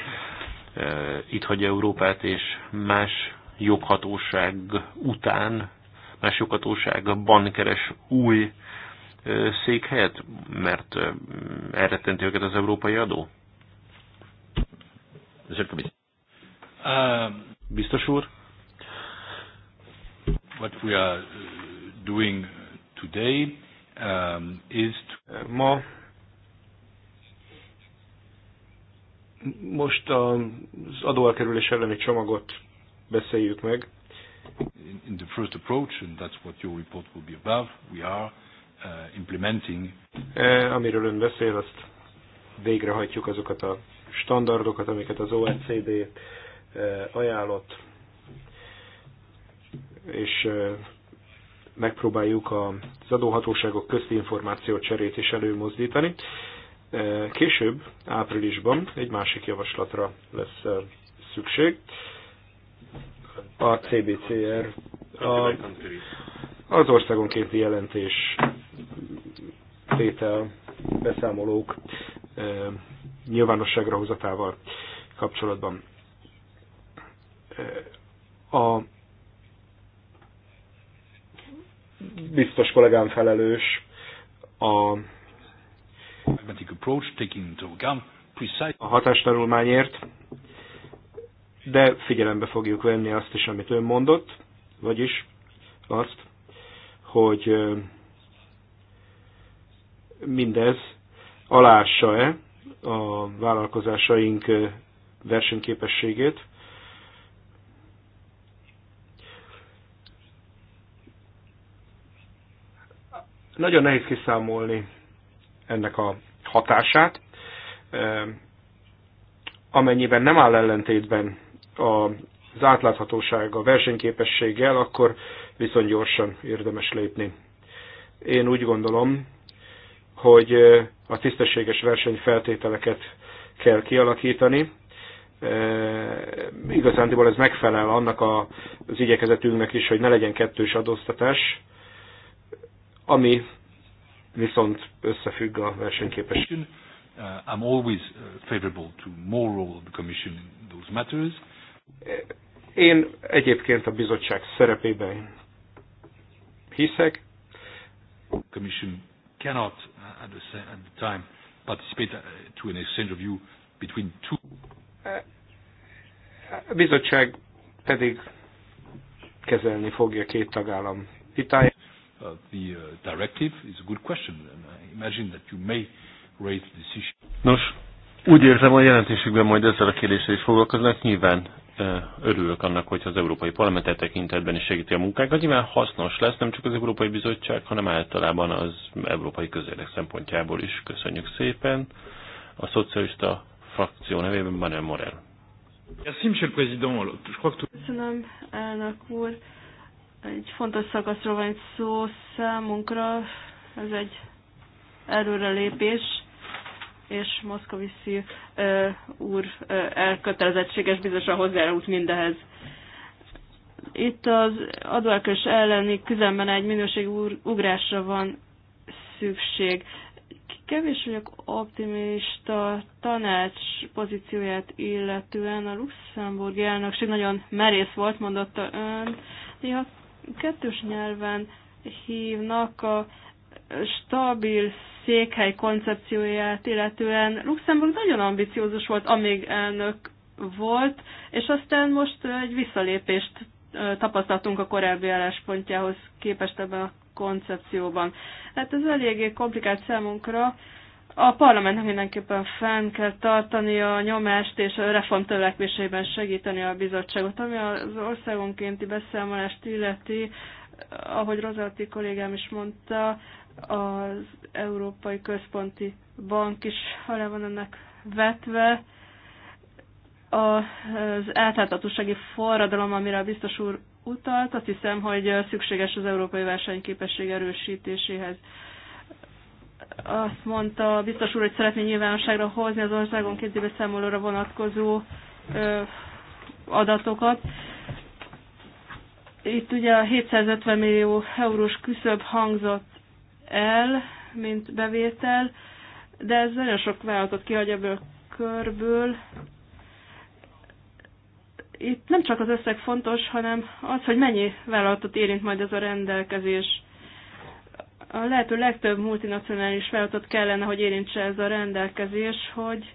e, itt hagyja Európát, és más joghatóság után, más joghatóságban keres új e, székhelyet, mert e, elrettenti őket az európai adó? Um, Biztos úr? What we are uh, doing today um, Ma most az adóelkerülés elleni csomagot beszéljük meg. In the first approach, and that's what your report will be above, we are uh, implementing. E, amiről ön beszél, azt végrehajtjuk azokat a standardokat, amiket az OECD e, ajánlott, és e, megpróbáljuk az adóhatóságok közti információ cserét is előmozdítani. E, később, áprilisban egy másik javaslatra lesz e, szükség. A CBCR, a, az országonkénti jelentés tétel beszámolók e, nyilvánosságra hozatával kapcsolatban. A biztos kollégám felelős a a hatástanulmányért, de figyelembe fogjuk venni azt is, amit ön mondott, vagyis azt, hogy mindez alássa-e a vállalkozásaink versenyképességét, Nagyon nehéz kiszámolni ennek a hatását, amennyiben nem áll ellentétben az átláthatóság a versenyképességgel, akkor viszont gyorsan érdemes lépni. Én úgy gondolom, hogy a tisztességes versenyfeltételeket kell kialakítani. Igazándiból ez megfelel annak az igyekezetünknek is, hogy ne legyen kettős adóztatás, ami viszont összefügg a versenyképességgel. Uh, I'm always uh, favorable to more role of the Commission in those matters. Én egyébként a bizottság szerepében hiszek. The Commission cannot uh, at the, at the time participate to an exchange of view between two. A bizottság pedig kezelni fogja két tagállam vitáját. Uh, the uh, directive is a good question, and I imagine that you may raise this issue. Nos, úgy érzem, a jelentésükben majd ezzel a kérdéssel is foglalkoznak. Nyilván uh, örülök annak, hogy az Európai Parlament e tekintetben is segíti a munkákat. Nyilván hasznos lesz nem csak az Európai Bizottság, hanem általában az európai közélek szempontjából is. Köszönjük szépen. A szocialista frakció nevében Manuel Morel. Köszönöm, elnök úr egy fontos szakaszról van egy szó számunkra, ez egy előrelépés, és Moszkoviszi uh, úr uh, elkötelezettséges bizonyosan hozzájárult mindehez. Itt az adóelkös elleni küzemben egy minőségi ugrásra van szükség. Kevés vagyok optimista tanács pozícióját illetően. A luxemburgi elnökség nagyon merész volt, mondotta ön. Néha kettős nyelven hívnak a stabil székhely koncepcióját, illetően Luxemburg nagyon ambiciózus volt, amíg elnök volt, és aztán most egy visszalépést tapasztaltunk a korábbi álláspontjához képest ebben a koncepcióban. Hát ez eléggé komplikált számunkra, a parlamentnek mindenképpen fenn kell tartani a nyomást és a reform törekvéseiben segíteni a bizottságot, ami az országonkénti beszámolást illeti, ahogy Rozalti kollégám is mondta, az Európai Központi Bank is alá van ennek vetve. Az átláthatósági forradalom, amire a biztos úr utalt, azt hiszem, hogy szükséges az európai versenyképesség erősítéséhez azt mondta biztos úr, hogy szeretné nyilvánosságra hozni az országon országonkénti beszámolóra vonatkozó ö, adatokat. Itt ugye a 750 millió eurós küszöb hangzott el, mint bevétel, de ez nagyon sok vállalatot kihagy ebből a körből. Itt nem csak az összeg fontos, hanem az, hogy mennyi vállalatot érint majd ez a rendelkezés. A lehető legtöbb multinacionális feladatot kellene, hogy érintse ez a rendelkezés, hogy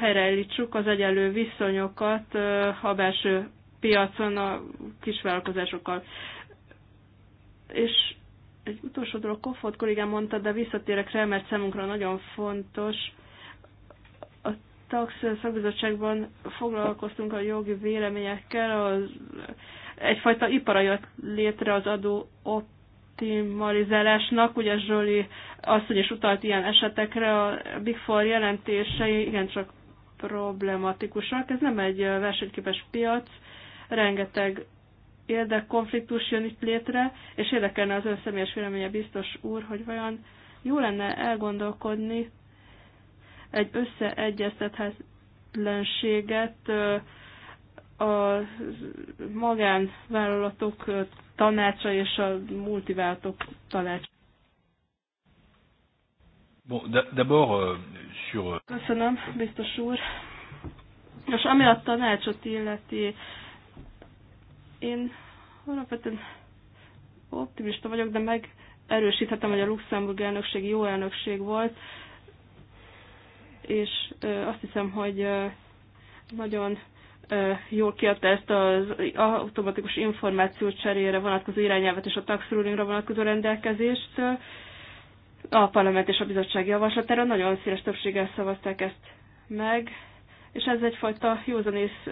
helyreállítsuk az egyenlő viszonyokat a belső piacon a kisvállalkozásokkal. És egy utolsó dolog, Koffot kollégám mondta, de visszatérek rá, mert számunkra nagyon fontos. A TAX szakbizottságban foglalkoztunk a jogi véleményekkel, az, egyfajta iparajat létre az adó op optimalizálásnak, ugye Zsoli hogy is utalt ilyen esetekre, a Big Four jelentései igencsak problematikusak. Ez nem egy versenyképes piac, rengeteg érdekkonfliktus jön itt létre, és érdekelne az ön személyes véleménye biztos úr, hogy vajon jó lenne elgondolkodni egy összeegyeztethetlenséget a magánvállalatok tanácsa és a multiváltok tanácsa. Bon, d'abord euh, sur... Euh, Köszönöm, biztos úr. És ami a tanácsot illeti, én alapvetően optimista vagyok, de meg erősíthetem, hogy a Luxemburg elnökség jó elnökség volt, és azt hiszem, hogy nagyon jól kiadta ezt az automatikus cserére vonatkozó irányelvet és a tax rulingra vonatkozó rendelkezést. A parlament és a bizottság javaslatára nagyon széles többséggel szavazták ezt meg, és ez egyfajta józanész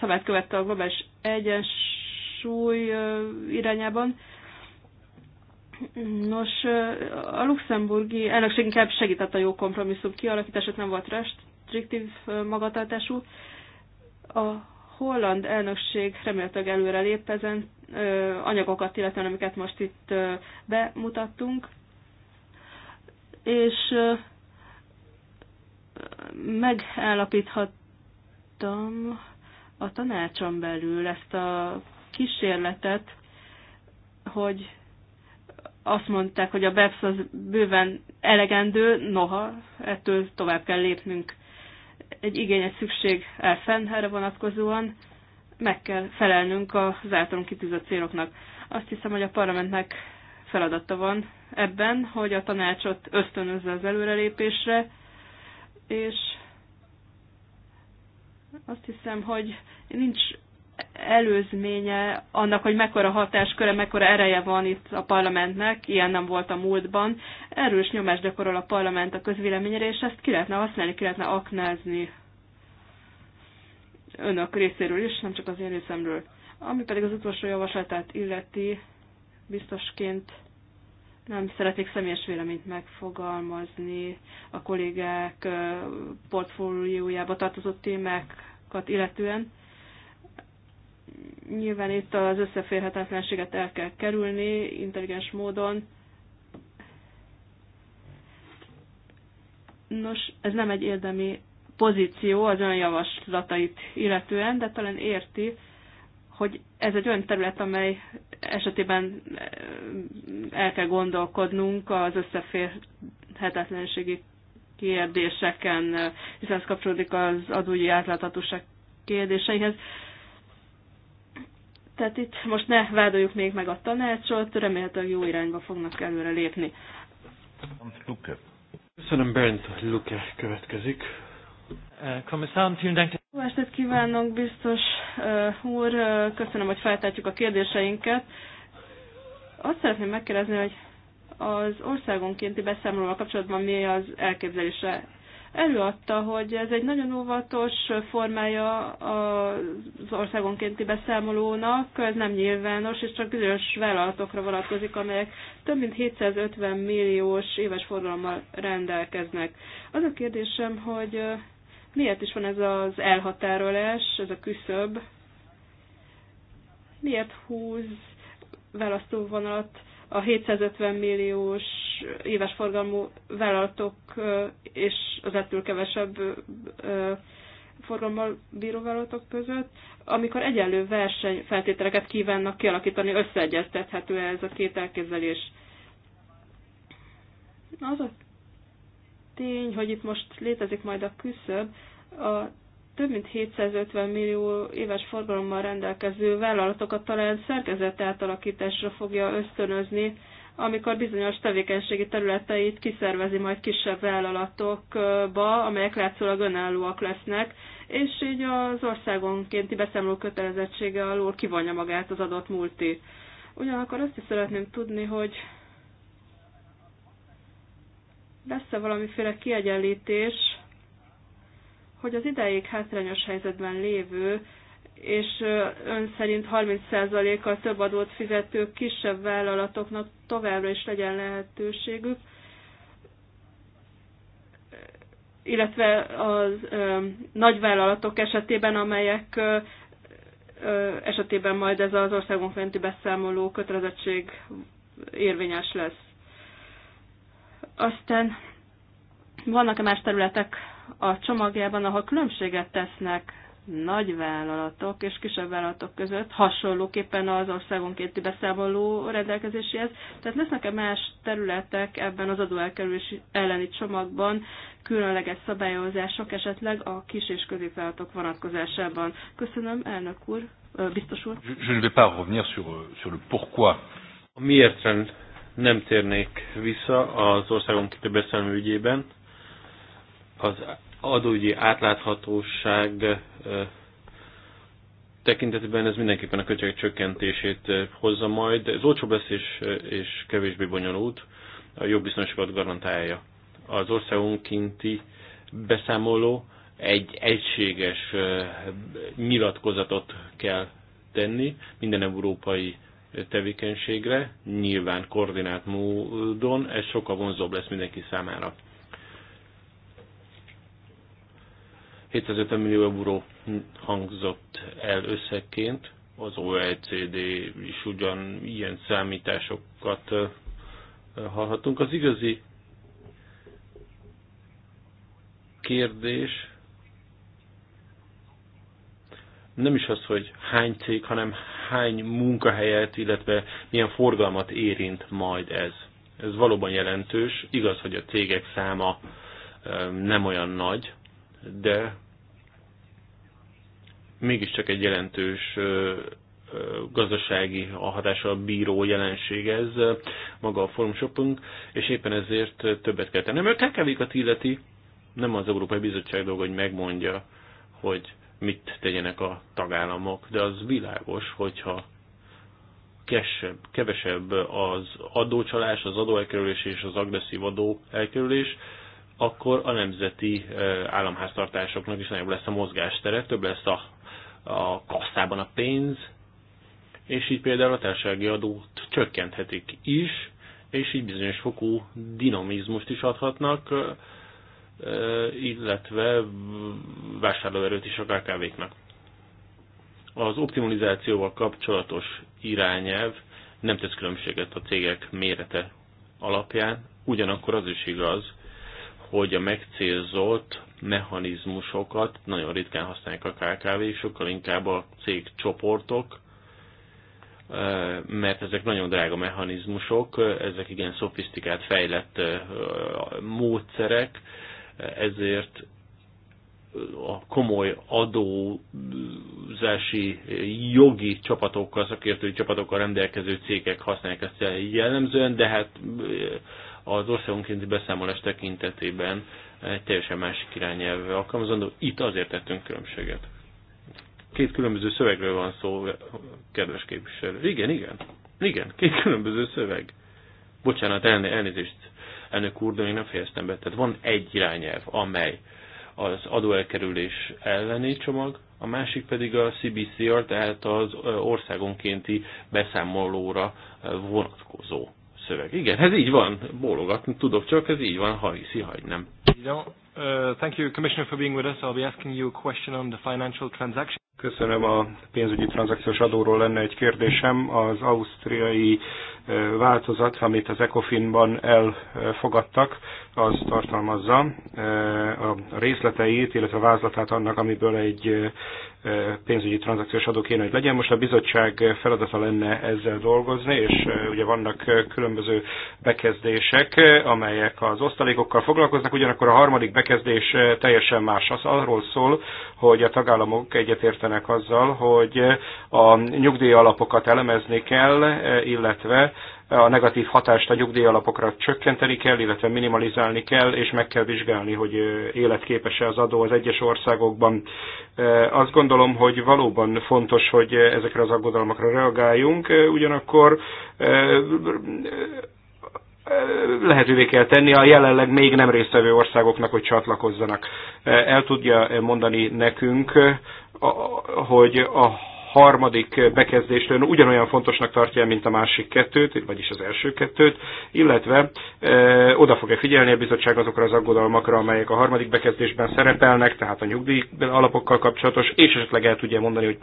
szabályt követte a globális egyensúly irányában. Nos, a luxemburgi elnökség inkább segített a jó kompromisszum kialakítását, nem volt restriktív magatartású. A holland elnökség remélhetőleg előre lép ezen anyagokat, illetve amiket most itt bemutattunk. És megállapíthattam a tanácson belül ezt a kísérletet, hogy azt mondták, hogy a BEPS az bőven elegendő, noha ettől tovább kell lépnünk egy igény, egy szükség el fenn erre vonatkozóan, meg kell felelnünk az általunk kitűzött céloknak. Azt hiszem, hogy a parlamentnek feladata van ebben, hogy a tanácsot ösztönözze az előrelépésre, és azt hiszem, hogy nincs előzménye annak, hogy mekkora hatásköre, mekkora ereje van itt a parlamentnek, ilyen nem volt a múltban. Erős nyomás gyakorol a parlament a közvéleményre, és ezt ki lehetne használni, ki lehetne aknázni önök részéről is, nem csak az én részemről. Ami pedig az utolsó javaslatát illeti, biztosként nem szeretnék személyes véleményt megfogalmazni a kollégák portfóliójába tartozott témákat illetően Nyilván itt az összeférhetetlenséget el kell kerülni intelligens módon. Nos, ez nem egy érdemi pozíció az javaslatait illetően, de talán érti, hogy ez egy olyan terület, amely esetében eh, el kell gondolkodnunk az összeférhetetlenségi kérdéseken, eh, hiszen ez kapcsolódik az adógyi átláthatóság kérdéseihez. Tehát itt most ne vádoljuk még meg a tanácsot, remélhetőleg jó irányba fognak előre lépni. Köszönöm, Bernd Luke következik. Eh, jó estét kívánok, biztos eh, úr. Eh, köszönöm, hogy feltártjuk a kérdéseinket. Azt szeretném megkérdezni, hogy az országonkénti beszámolóval kapcsolatban mi az elképzelése előadta, hogy ez egy nagyon óvatos formája az országonkénti beszámolónak, ez nem nyilvános, és csak bizonyos vállalatokra vonatkozik, amelyek több mint 750 milliós éves forgalommal rendelkeznek. Az a kérdésem, hogy miért is van ez az elhatárolás, ez a küszöb, miért húz választóvonalat a 750 milliós éves forgalmú vállalatok és az ettől kevesebb forgalommal bíró vállalatok között, amikor egyenlő versenyfeltételeket kívánnak kialakítani, összeegyeztethető -e ez a két elképzelés? Az a tény, hogy itt most létezik majd a küszöb, a több mint 750 millió éves forgalommal rendelkező vállalatokat talán szerkezett átalakításra fogja ösztönözni, amikor bizonyos tevékenységi területeit kiszervezi majd kisebb vállalatokba, amelyek látszólag önállóak lesznek, és így az országonkénti beszámoló kötelezettsége alól kivonja magát az adott multi. Ugyanakkor azt is szeretném tudni, hogy lesz-e valamiféle kiegyenlítés hogy az ideig hátrányos helyzetben lévő és ön szerint 30%-kal több adót fizető kisebb vállalatoknak továbbra is legyen lehetőségük, illetve a nagyvállalatok esetében, amelyek ö, ö, esetében majd ez az országunk fenti beszámoló kötelezettség érvényes lesz. Aztán vannak-e más területek, a csomagjában, ahol különbséget tesznek nagy vállalatok és kisebb vállalatok között, hasonlóképpen az országonkénti beszámoló rendelkezéséhez. Tehát lesznek-e más területek ebben az adóelkerülés elleni csomagban, különleges szabályozások esetleg a kis és középvállalatok vonatkozásában? Köszönöm, elnök úr, biztos úr. Je ne vais pas revenir sur, euh, sur le pourquoi. Miért nem térnék vissza az országonkénti beszámoló ügyében? az adógyi átláthatóság tekintetében ez mindenképpen a költségek csökkentését hozza majd. Ez olcsóbb lesz és, és kevésbé bonyolult, a jobb biztonságot garantálja. Az kinti beszámoló egy egységes nyilatkozatot kell tenni minden európai tevékenységre, nyilván koordinált módon, ez sokkal vonzóbb lesz mindenki számára. 750 millió euró hangzott el összeként, az OECD is ugyan ilyen számításokat hallhatunk. Az igazi kérdés nem is az, hogy hány cég, hanem hány munkahelyet, illetve milyen forgalmat érint majd ez. Ez valóban jelentős. Igaz, hogy a cégek száma nem olyan nagy, de mégiscsak egy jelentős gazdasági hatással bíró jelenség ez maga a forum shopping, és éppen ezért többet kell tenni. Mert kkv a illeti, nem az Európai Bizottság dolga, hogy megmondja, hogy mit tegyenek a tagállamok, de az világos, hogyha kesebb, kevesebb az adócsalás, az adóelkerülés és az agresszív adó elkerülés, akkor a nemzeti államháztartásoknak is nagyobb lesz a mozgástere, több lesz a, a kasszában a pénz, és így például a társasági adót csökkenthetik is, és így bizonyos fokú dinamizmust is adhatnak, illetve vásárlóerőt is a KKV-knak. Az optimalizációval kapcsolatos irányelv nem tesz különbséget a cégek mérete alapján, ugyanakkor az is igaz, hogy a megcélzott mechanizmusokat nagyon ritkán használják a KKV, sokkal inkább a cég csoportok, e, mert ezek nagyon drága mechanizmusok, ezek igen szofisztikált, fejlett e, módszerek, ezért a komoly adózási jogi csapatokkal, szakértői csapatokkal rendelkező cégek használják ezt jellemzően, de hát e, az országonkénti beszámolás tekintetében egy teljesen másik irányelvvel alkalmazandó. Itt azért tettünk különbséget. Két különböző szövegről van szó, kedves képviselő. Igen, igen. Igen, két különböző szöveg. Bocsánat, elnézést, elnök úr, de még nem fejeztem be. Tehát van egy irányelv, amely az adóelkerülés elleni csomag, a másik pedig a CBCR, tehát az országonkénti beszámolóra vonatkozó szöveg. Igen, ez így van, bólogatni tudok, csak ez így van, ha hiszi, hagy nem. You know, uh, thank you, Commissioner, for being with us. I'll be asking you a question on the financial transaction. Köszönöm a pénzügyi tranzakciós adóról lenne egy kérdésem. Az ausztriai e, változat, amit az ECOFIN-ban elfogadtak, az tartalmazza e, a részleteit, illetve a vázlatát annak, amiből egy e, pénzügyi tranzakciós adó kéne, hogy legyen. Most a bizottság feladata lenne ezzel dolgozni, és ugye vannak különböző bekezdések, amelyek az osztalékokkal foglalkoznak, ugyanakkor a harmadik bekezdés teljesen más. Az arról szól, hogy a tagállamok egyetértenek egyetértenek azzal, hogy a nyugdíjalapokat elemezni kell, illetve a negatív hatást a nyugdíjalapokra csökkenteni kell, illetve minimalizálni kell, és meg kell vizsgálni, hogy életképes-e az adó az egyes országokban. Azt gondolom, hogy valóban fontos, hogy ezekre az aggodalmakra reagáljunk, ugyanakkor lehetővé kell tenni a jelenleg még nem résztvevő országoknak, hogy csatlakozzanak. El tudja mondani nekünk hogy a harmadik bekezdést ugyanolyan fontosnak tartja, mint a másik kettőt, vagyis az első kettőt, illetve ö, e, oda fogja figyelni a bizottság azokra az aggodalmakra, amelyek a harmadik bekezdésben szerepelnek, tehát a nyugdíj alapokkal kapcsolatos, és esetleg el tudja mondani, hogy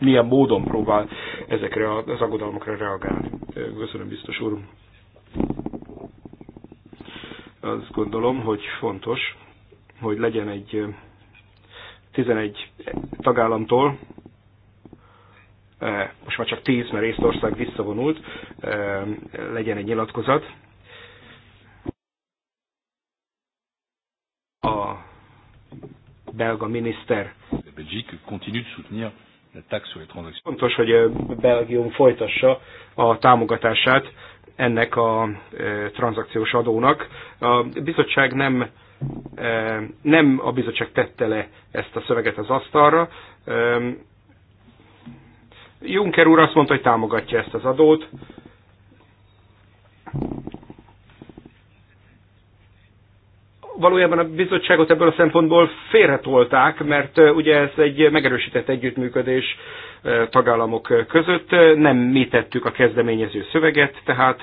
milyen módon próbál ezekre az aggodalmakra reagálni. Köszönöm, biztos úr. Azt gondolom, hogy fontos, hogy legyen egy 11 tagállamtól, eh, most már csak 10, mert Észtország visszavonult, eh, legyen egy nyilatkozat. A belga miniszter Fontos, hogy eh, Belgium folytassa a támogatását ennek a tranzakciós adónak. A bizottság nem nem a bizottság tette le ezt a szöveget az asztalra. Juncker úr azt mondta, hogy támogatja ezt az adót. Valójában a bizottságot ebből a szempontból félretolták, mert ugye ez egy megerősített együttműködés tagállamok között. Nem mi tettük a kezdeményező szöveget, tehát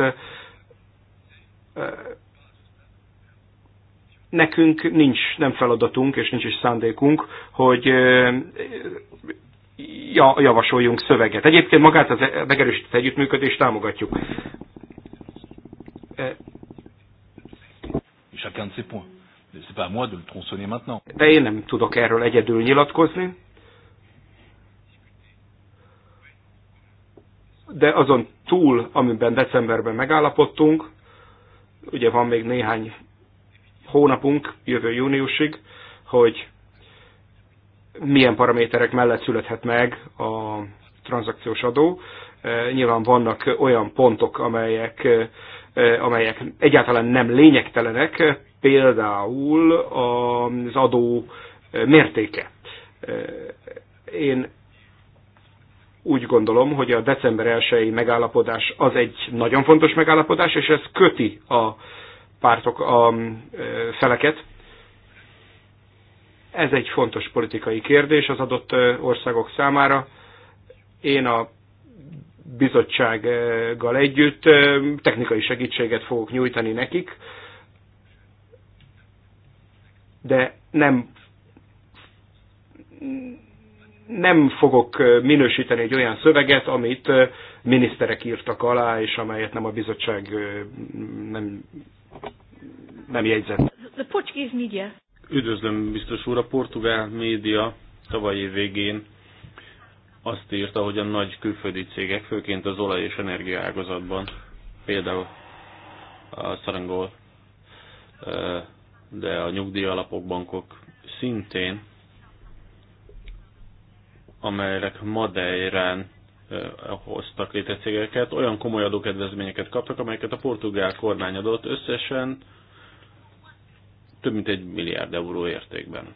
nekünk nincs, nem feladatunk, és nincs is szándékunk, hogy javasoljunk szöveget. Egyébként magát az megerősített együttműködést támogatjuk. Chacun de points. C'est pas moi de le tronçonner maintenant. De én nem tudok erről egyedül nyilatkozni. De azon túl, amiben decemberben megállapodtunk, ugye van még néhány hónapunk jövő júniusig, hogy milyen paraméterek mellett születhet meg a tranzakciós adó. E, nyilván vannak olyan pontok, amelyek, e, e, amelyek egyáltalán nem lényegtelenek, például az adó mértéke. Én úgy gondolom, hogy a december 1 megállapodás az egy nagyon fontos megállapodás, és ez köti a pártok, a feleket. Ez egy fontos politikai kérdés az adott országok számára. Én a bizottsággal együtt technikai segítséget fogok nyújtani nekik, de nem nem fogok minősíteni egy olyan szöveget, amit miniszterek írtak alá, és amelyet nem a bizottság nem nem jegyzett. The Portuguese media. Üdvözlöm, biztos úr, a portugál média tavaly év végén azt írta, hogy a nagy külföldi cégek, főként az olaj és energia ágazatban, például a szarangol, de a nyugdíjalapok, bankok szintén, amelyek Madeirán hoztak létre cégeket, olyan komoly adókedvezményeket kaptak, amelyeket a portugál kormány adott összesen több mint egy milliárd euró értékben.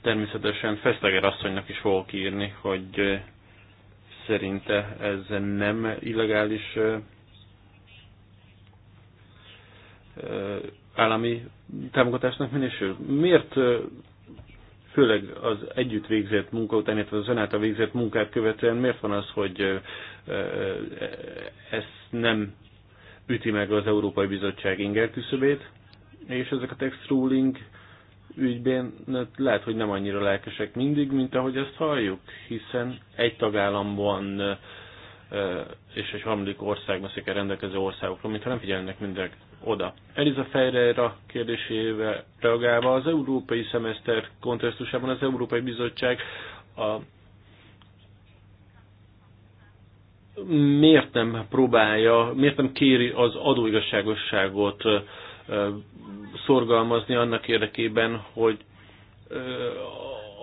Természetesen Feszteger asszonynak is fogok írni, hogy szerinte ez nem illegális állami támogatásnak minősül. Miért főleg az együtt végzett munka után, illetve az ön által végzett munkát követően miért van az, hogy ez nem üti meg az Európai Bizottság inger küszöbét, és ezek a text ruling ügyben lehet, hogy nem annyira lelkesek mindig, mint ahogy ezt halljuk, hiszen egy tagállamban és egy harmadik országban székel rendelkező országokról, mintha nem figyelnek mindek oda. Eliza Ferreira kérdésével reagálva az európai szemeszter kontextusában az Európai Bizottság a miért nem próbálja, miért nem kéri az adóigazságosságot szorgalmazni annak érdekében, hogy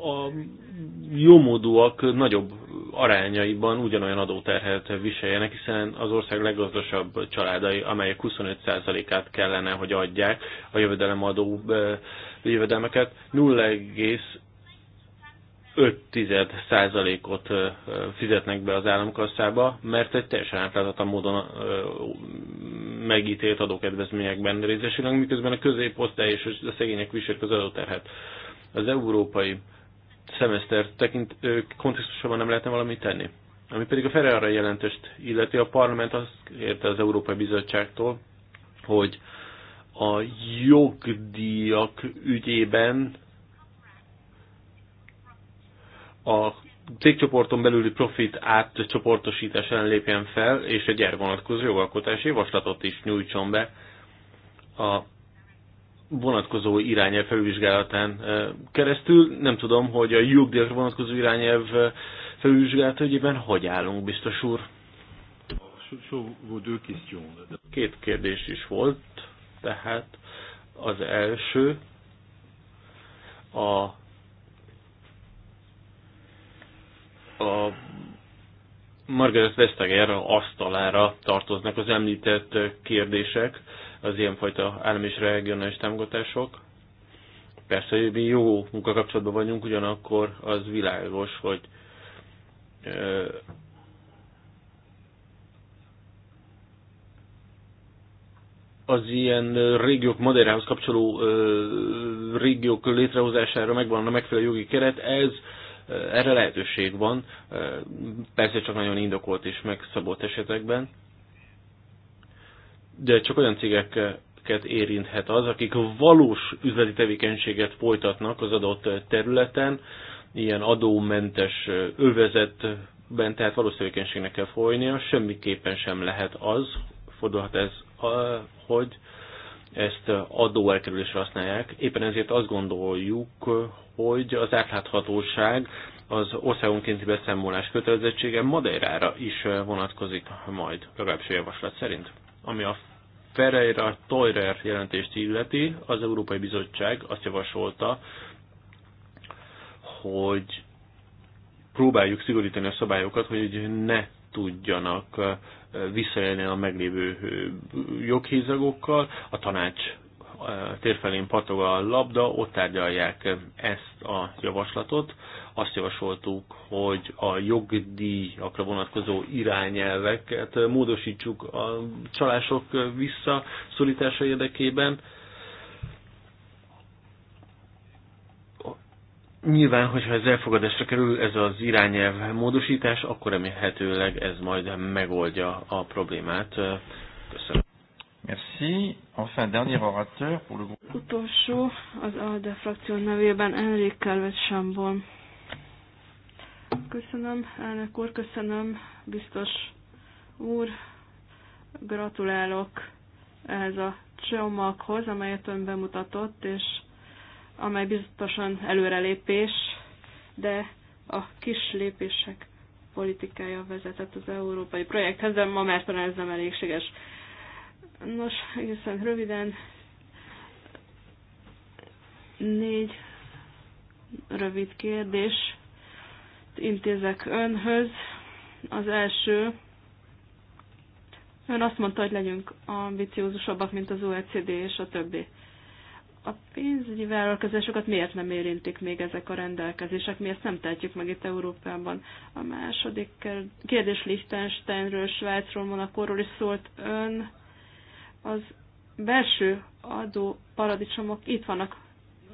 a jómódúak nagyobb arányaiban ugyanolyan adóterhet viseljenek, hiszen az ország leggazdasabb családai, amelyek 25%-át kellene, hogy adják a jövedelemadó jövedelmeket, 0,5%-ot fizetnek be az államkasszába, mert egy teljesen átláthatatlan módon megítélt adókedvezményekben részesülnek, miközben a középosztály és a szegények viselik az adóterhet. Az európai szemeszter tekint, kontextusában nem lehetne valamit tenni. Ami pedig a Ferrara jelentést illeti, a parlament azt kérte az Európai Bizottságtól, hogy a jogdíjak ügyében a cégcsoporton belüli profit átcsoportosítás ellen lépjen fel, és egy erre vonatkozó jogalkotási javaslatot is nyújtson be a vonatkozó irányelv felülvizsgálatán keresztül. Nem tudom, hogy a jogdíjakra vonatkozó irányelv hogy ügyében hogy állunk, biztos úr? Két kérdés is volt, tehát az első a, a Margaret Vestager asztalára tartoznak az említett kérdések az ilyenfajta állami és regionális támogatások. Persze, hogy mi jó munkakapcsolatban vagyunk, ugyanakkor az világos, hogy az ilyen régiók madárához kapcsoló régiók létrehozására megvan a megfelelő jogi keret, ez erre lehetőség van, persze csak nagyon indokolt és megszabott esetekben de csak olyan cégeket érinthet az, akik valós üzleti tevékenységet folytatnak az adott területen, ilyen adómentes övezetben, tehát valós tevékenységnek kell folynia, semmiképpen sem lehet az, fordulhat ez, hogy ezt elkerülésre használják. Éppen ezért azt gondoljuk, hogy az átláthatóság az országonkénti beszámolás kötelezettsége Madeirára is vonatkozik majd, legalábbis a javaslat szerint. Ami a ferreira Teurer jelentést illeti, az Európai Bizottság azt javasolta, hogy próbáljuk szigorítani a szabályokat, hogy ne tudjanak visszaélni a meglévő joghézagokkal. A tanács térfelén patog a labda, ott tárgyalják ezt a javaslatot. Azt javasoltuk, hogy a jogdíjakra vonatkozó irányelveket módosítsuk a csalások visszaszorítása érdekében. Nyilván, hogyha ez elfogadásra kerül, ez az irányelv módosítás, akkor remélhetőleg ez majd megoldja a problémát. Köszönöm. Merci. Enfin, dernier orateur pour le groupe. Utolsó az ALDE frakció nevében Enrik Calvet Sambon. Köszönöm, elnök úr, köszönöm, biztos úr. Gratulálok ehhez a csomaghoz, amelyet ön bemutatott, és amely biztosan előrelépés, de a kis lépések politikája vezetett az európai projekthez, de ma már talán ez nem elégséges. Nos, egészen röviden négy rövid kérdés intézek önhöz. Az első, ön azt mondta, hogy legyünk ambiciózusabbak, mint az OECD és a többi. A pénzügyi vállalkozásokat miért nem érintik még ezek a rendelkezések? Miért nem tehetjük meg itt Európában. A második kérdés Liechtensteinről, Svájcról, Monakorról is szólt ön az belső adó paradicsomok itt vannak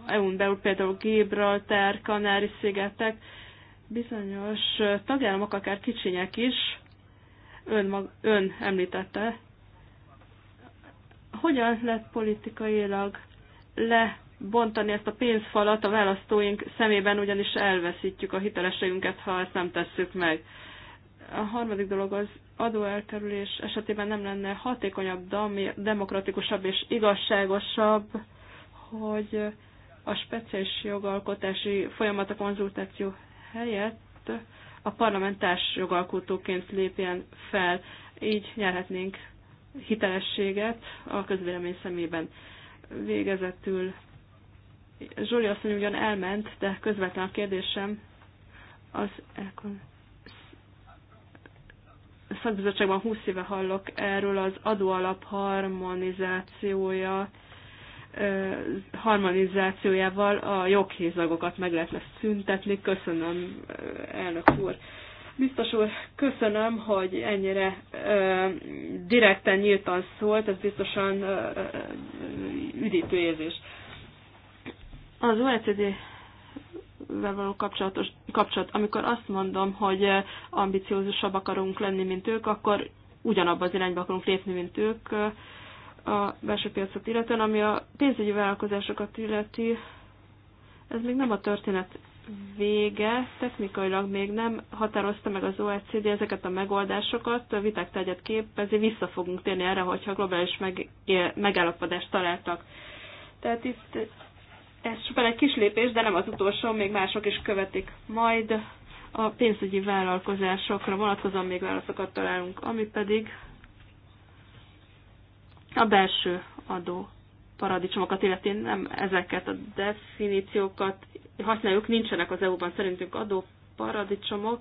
EU-n belül, például Gibraltar, Kanári-szigetek, bizonyos tagállamok, akár kicsinyek is, ön, mag, ön említette, hogyan lehet politikailag lebontani ezt a pénzfalat a választóink szemében, ugyanis elveszítjük a hitelességünket, ha ezt nem tesszük meg. A harmadik dolog az adóelkerülés esetében nem lenne hatékonyabb, de demokratikusabb és igazságosabb, hogy a speciális jogalkotási folyamat a konzultáció helyett a parlamentás jogalkotóként lépjen fel. Így nyerhetnénk hitelességet a közvélemény szemében. Végezetül Zsoli asszony ugyan elment, de közvetlen a kérdésem az e- szakbizottságban 20 éve hallok erről az adóalap harmonizációja, harmonizációjával a joghézagokat meg lehetne szüntetni. Köszönöm, elnök úr. Biztos úr, köszönöm, hogy ennyire ö, direkten, nyíltan szólt, ez biztosan ö, ö, üdítő érzés. Az OECD való kapcsolatos, kapcsolat. Amikor azt mondom, hogy eh, ambiciózusabb akarunk lenni, mint ők, akkor ugyanabba az irányba akarunk lépni, mint ők eh, a belső piacot illetően, ami a pénzügyi vállalkozásokat illeti, ez még nem a történet vége, technikailag még nem határozta meg az OECD ezeket a megoldásokat, a viták tegyet képezi, vissza fogunk térni erre, hogyha globális meg, megállapodást találtak. Tehát itt ez csupán egy kis lépés, de nem az utolsó, még mások is követik. Majd a pénzügyi vállalkozásokra vonatkozóan még válaszokat találunk, ami pedig a belső adó paradicsomokat, illetve nem ezeket a definíciókat használjuk, nincsenek az EU-ban szerintünk adó paradicsomok,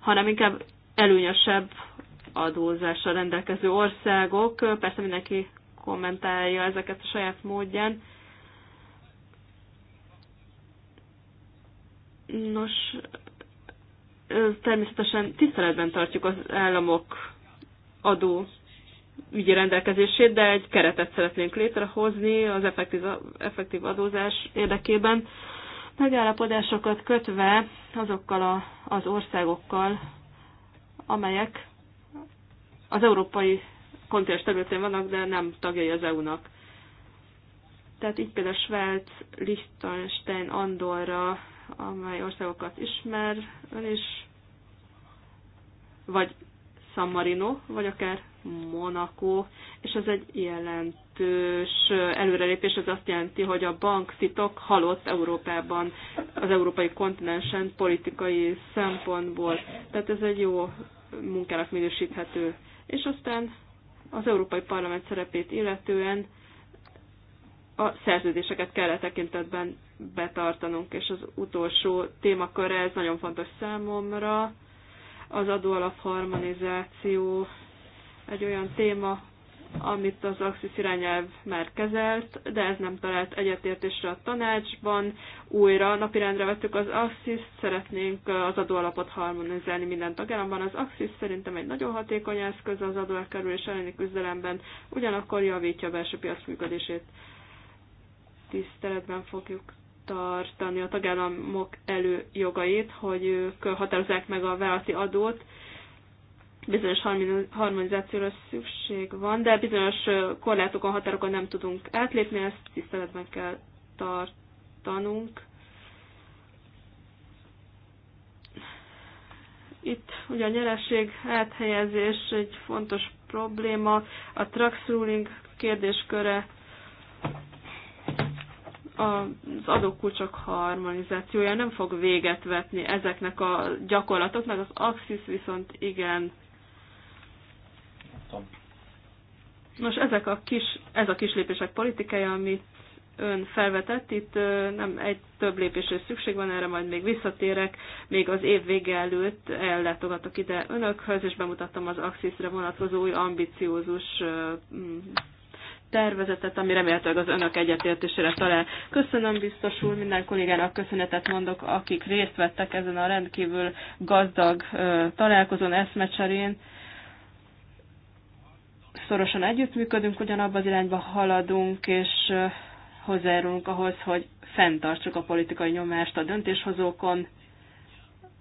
hanem inkább előnyösebb adózásra rendelkező országok. Persze mindenki kommentálja ezeket a saját módján. Nos, természetesen tiszteletben tartjuk az államok adó ügyi rendelkezését, de egy keretet szeretnénk létrehozni az effektív, effektív adózás érdekében, megállapodásokat kötve azokkal a, az országokkal, amelyek az európai kontinens területén vannak, de nem tagjai az EU-nak. Tehát így például Svájc, Liechtenstein, Andorra, amely országokat ismer ön is, vagy San Marino, vagy akár Monaco, és ez egy jelentős előrelépés, ez azt jelenti, hogy a titok halott Európában, az európai kontinensen politikai szempontból. Tehát ez egy jó munkának minősíthető. És aztán az Európai Parlament szerepét illetően a szerződéseket kell e tekintetben betartanunk, és az utolsó témakörre ez nagyon fontos számomra, az adóalap harmonizáció egy olyan téma, amit az Axis irányelv már kezelt, de ez nem talált egyetértésre a tanácsban. Újra napirendre vettük az axis szeretnénk az adóalapot harmonizálni minden tagállamban. Az Axis szerintem egy nagyon hatékony eszköz az adóelkerülés elleni küzdelemben, ugyanakkor javítja a belső piac működését tiszteletben fogjuk tartani a tagállamok előjogait, hogy ők határozzák meg a vállalati adót. Bizonyos harmonizációra szükség van, de bizonyos korlátokon, határokon nem tudunk átlépni, ezt tiszteletben kell tartanunk. Itt ugye a nyereség áthelyezés egy fontos probléma, a tax ruling kérdésköre az adókulcsok harmonizációja nem fog véget vetni ezeknek a gyakorlatoknak, az Axis viszont igen. Nos, ezek a kis, ez a kis lépések politikája, amit ön felvetett, itt nem egy több lépésre szükség van, erre majd még visszatérek, még az év vége előtt ellátogatok ide önökhöz, és bemutattam az Axisre vonatkozó új ambiciózus tervezetet, ami remélhetőleg az önök egyetértésére talál. Köszönöm biztos úr, minden kollégának köszönetet mondok, akik részt vettek ezen a rendkívül gazdag találkozón, eszmecserén. Szorosan együttműködünk, ugyanabban az irányba haladunk, és hozzájárulunk ahhoz, hogy fenntartsuk a politikai nyomást a döntéshozókon,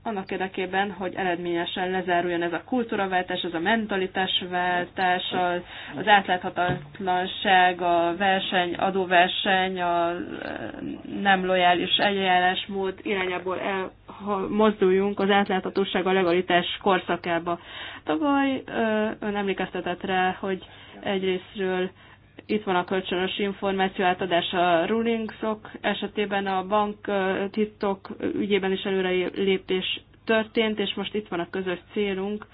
annak érdekében, hogy eredményesen lezáruljon ez a kultúraváltás, ez a mentalitásváltás, az átláthatatlanság, a verseny, adóverseny, a eh, nem lojális eljárásmód irányából el, ha mozduljunk az átláthatóság a legalitás korszakába. Tavaly eh, ön emlékeztetett rá, hogy egyrésztről itt van a kölcsönös információ átadás a rulingszok esetében, a bank titok ügyében is előrelépés történt, és most itt van a közös célunk,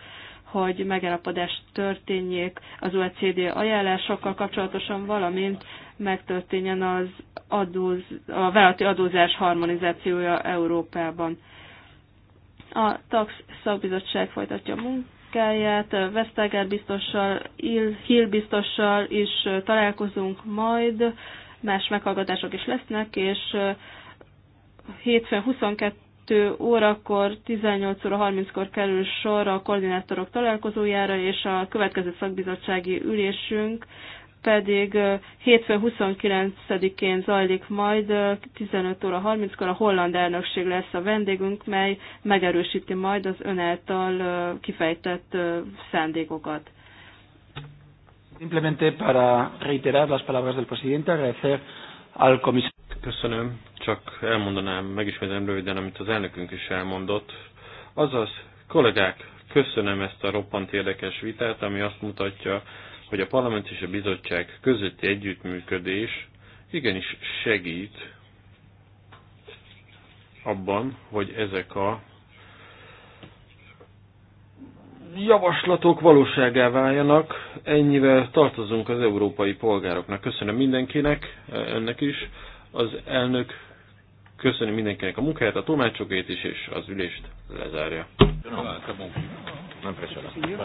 hogy megállapodás történjék az OECD ajánlásokkal kapcsolatosan, valamint megtörténjen az adóz, a vállalati adózás harmonizációja Európában. A TAX szakbizottság folytatja a munkát, Kelyet, Vesztager biztossal, Hill biztossal is találkozunk majd, más meghallgatások is lesznek, és hétfőn 22 órakor, 18 óra 30-kor kerül sor a koordinátorok találkozójára, és a következő szakbizottsági ülésünk pedig hétfő 29-én zajlik majd 15 óra 30-kor a holland elnökség lesz a vendégünk, mely megerősíti majd az ön által kifejtett szándékokat. Simplemente para reiterar las palabras del presidente, agradecer al comisario. Köszönöm, csak elmondanám, megismétlem röviden, amit az elnökünk is elmondott. Azaz, kollégák, köszönöm ezt a roppant érdekes vitát, ami azt mutatja, hogy a parlament és a bizottság közötti együttműködés igenis segít abban, hogy ezek a javaslatok valóságá váljanak. Ennyivel tartozunk az európai polgároknak. Köszönöm mindenkinek, önnek is. Az elnök köszönöm mindenkinek a munkáját, a tolmácsokét is, és az ülést lezárja. Nem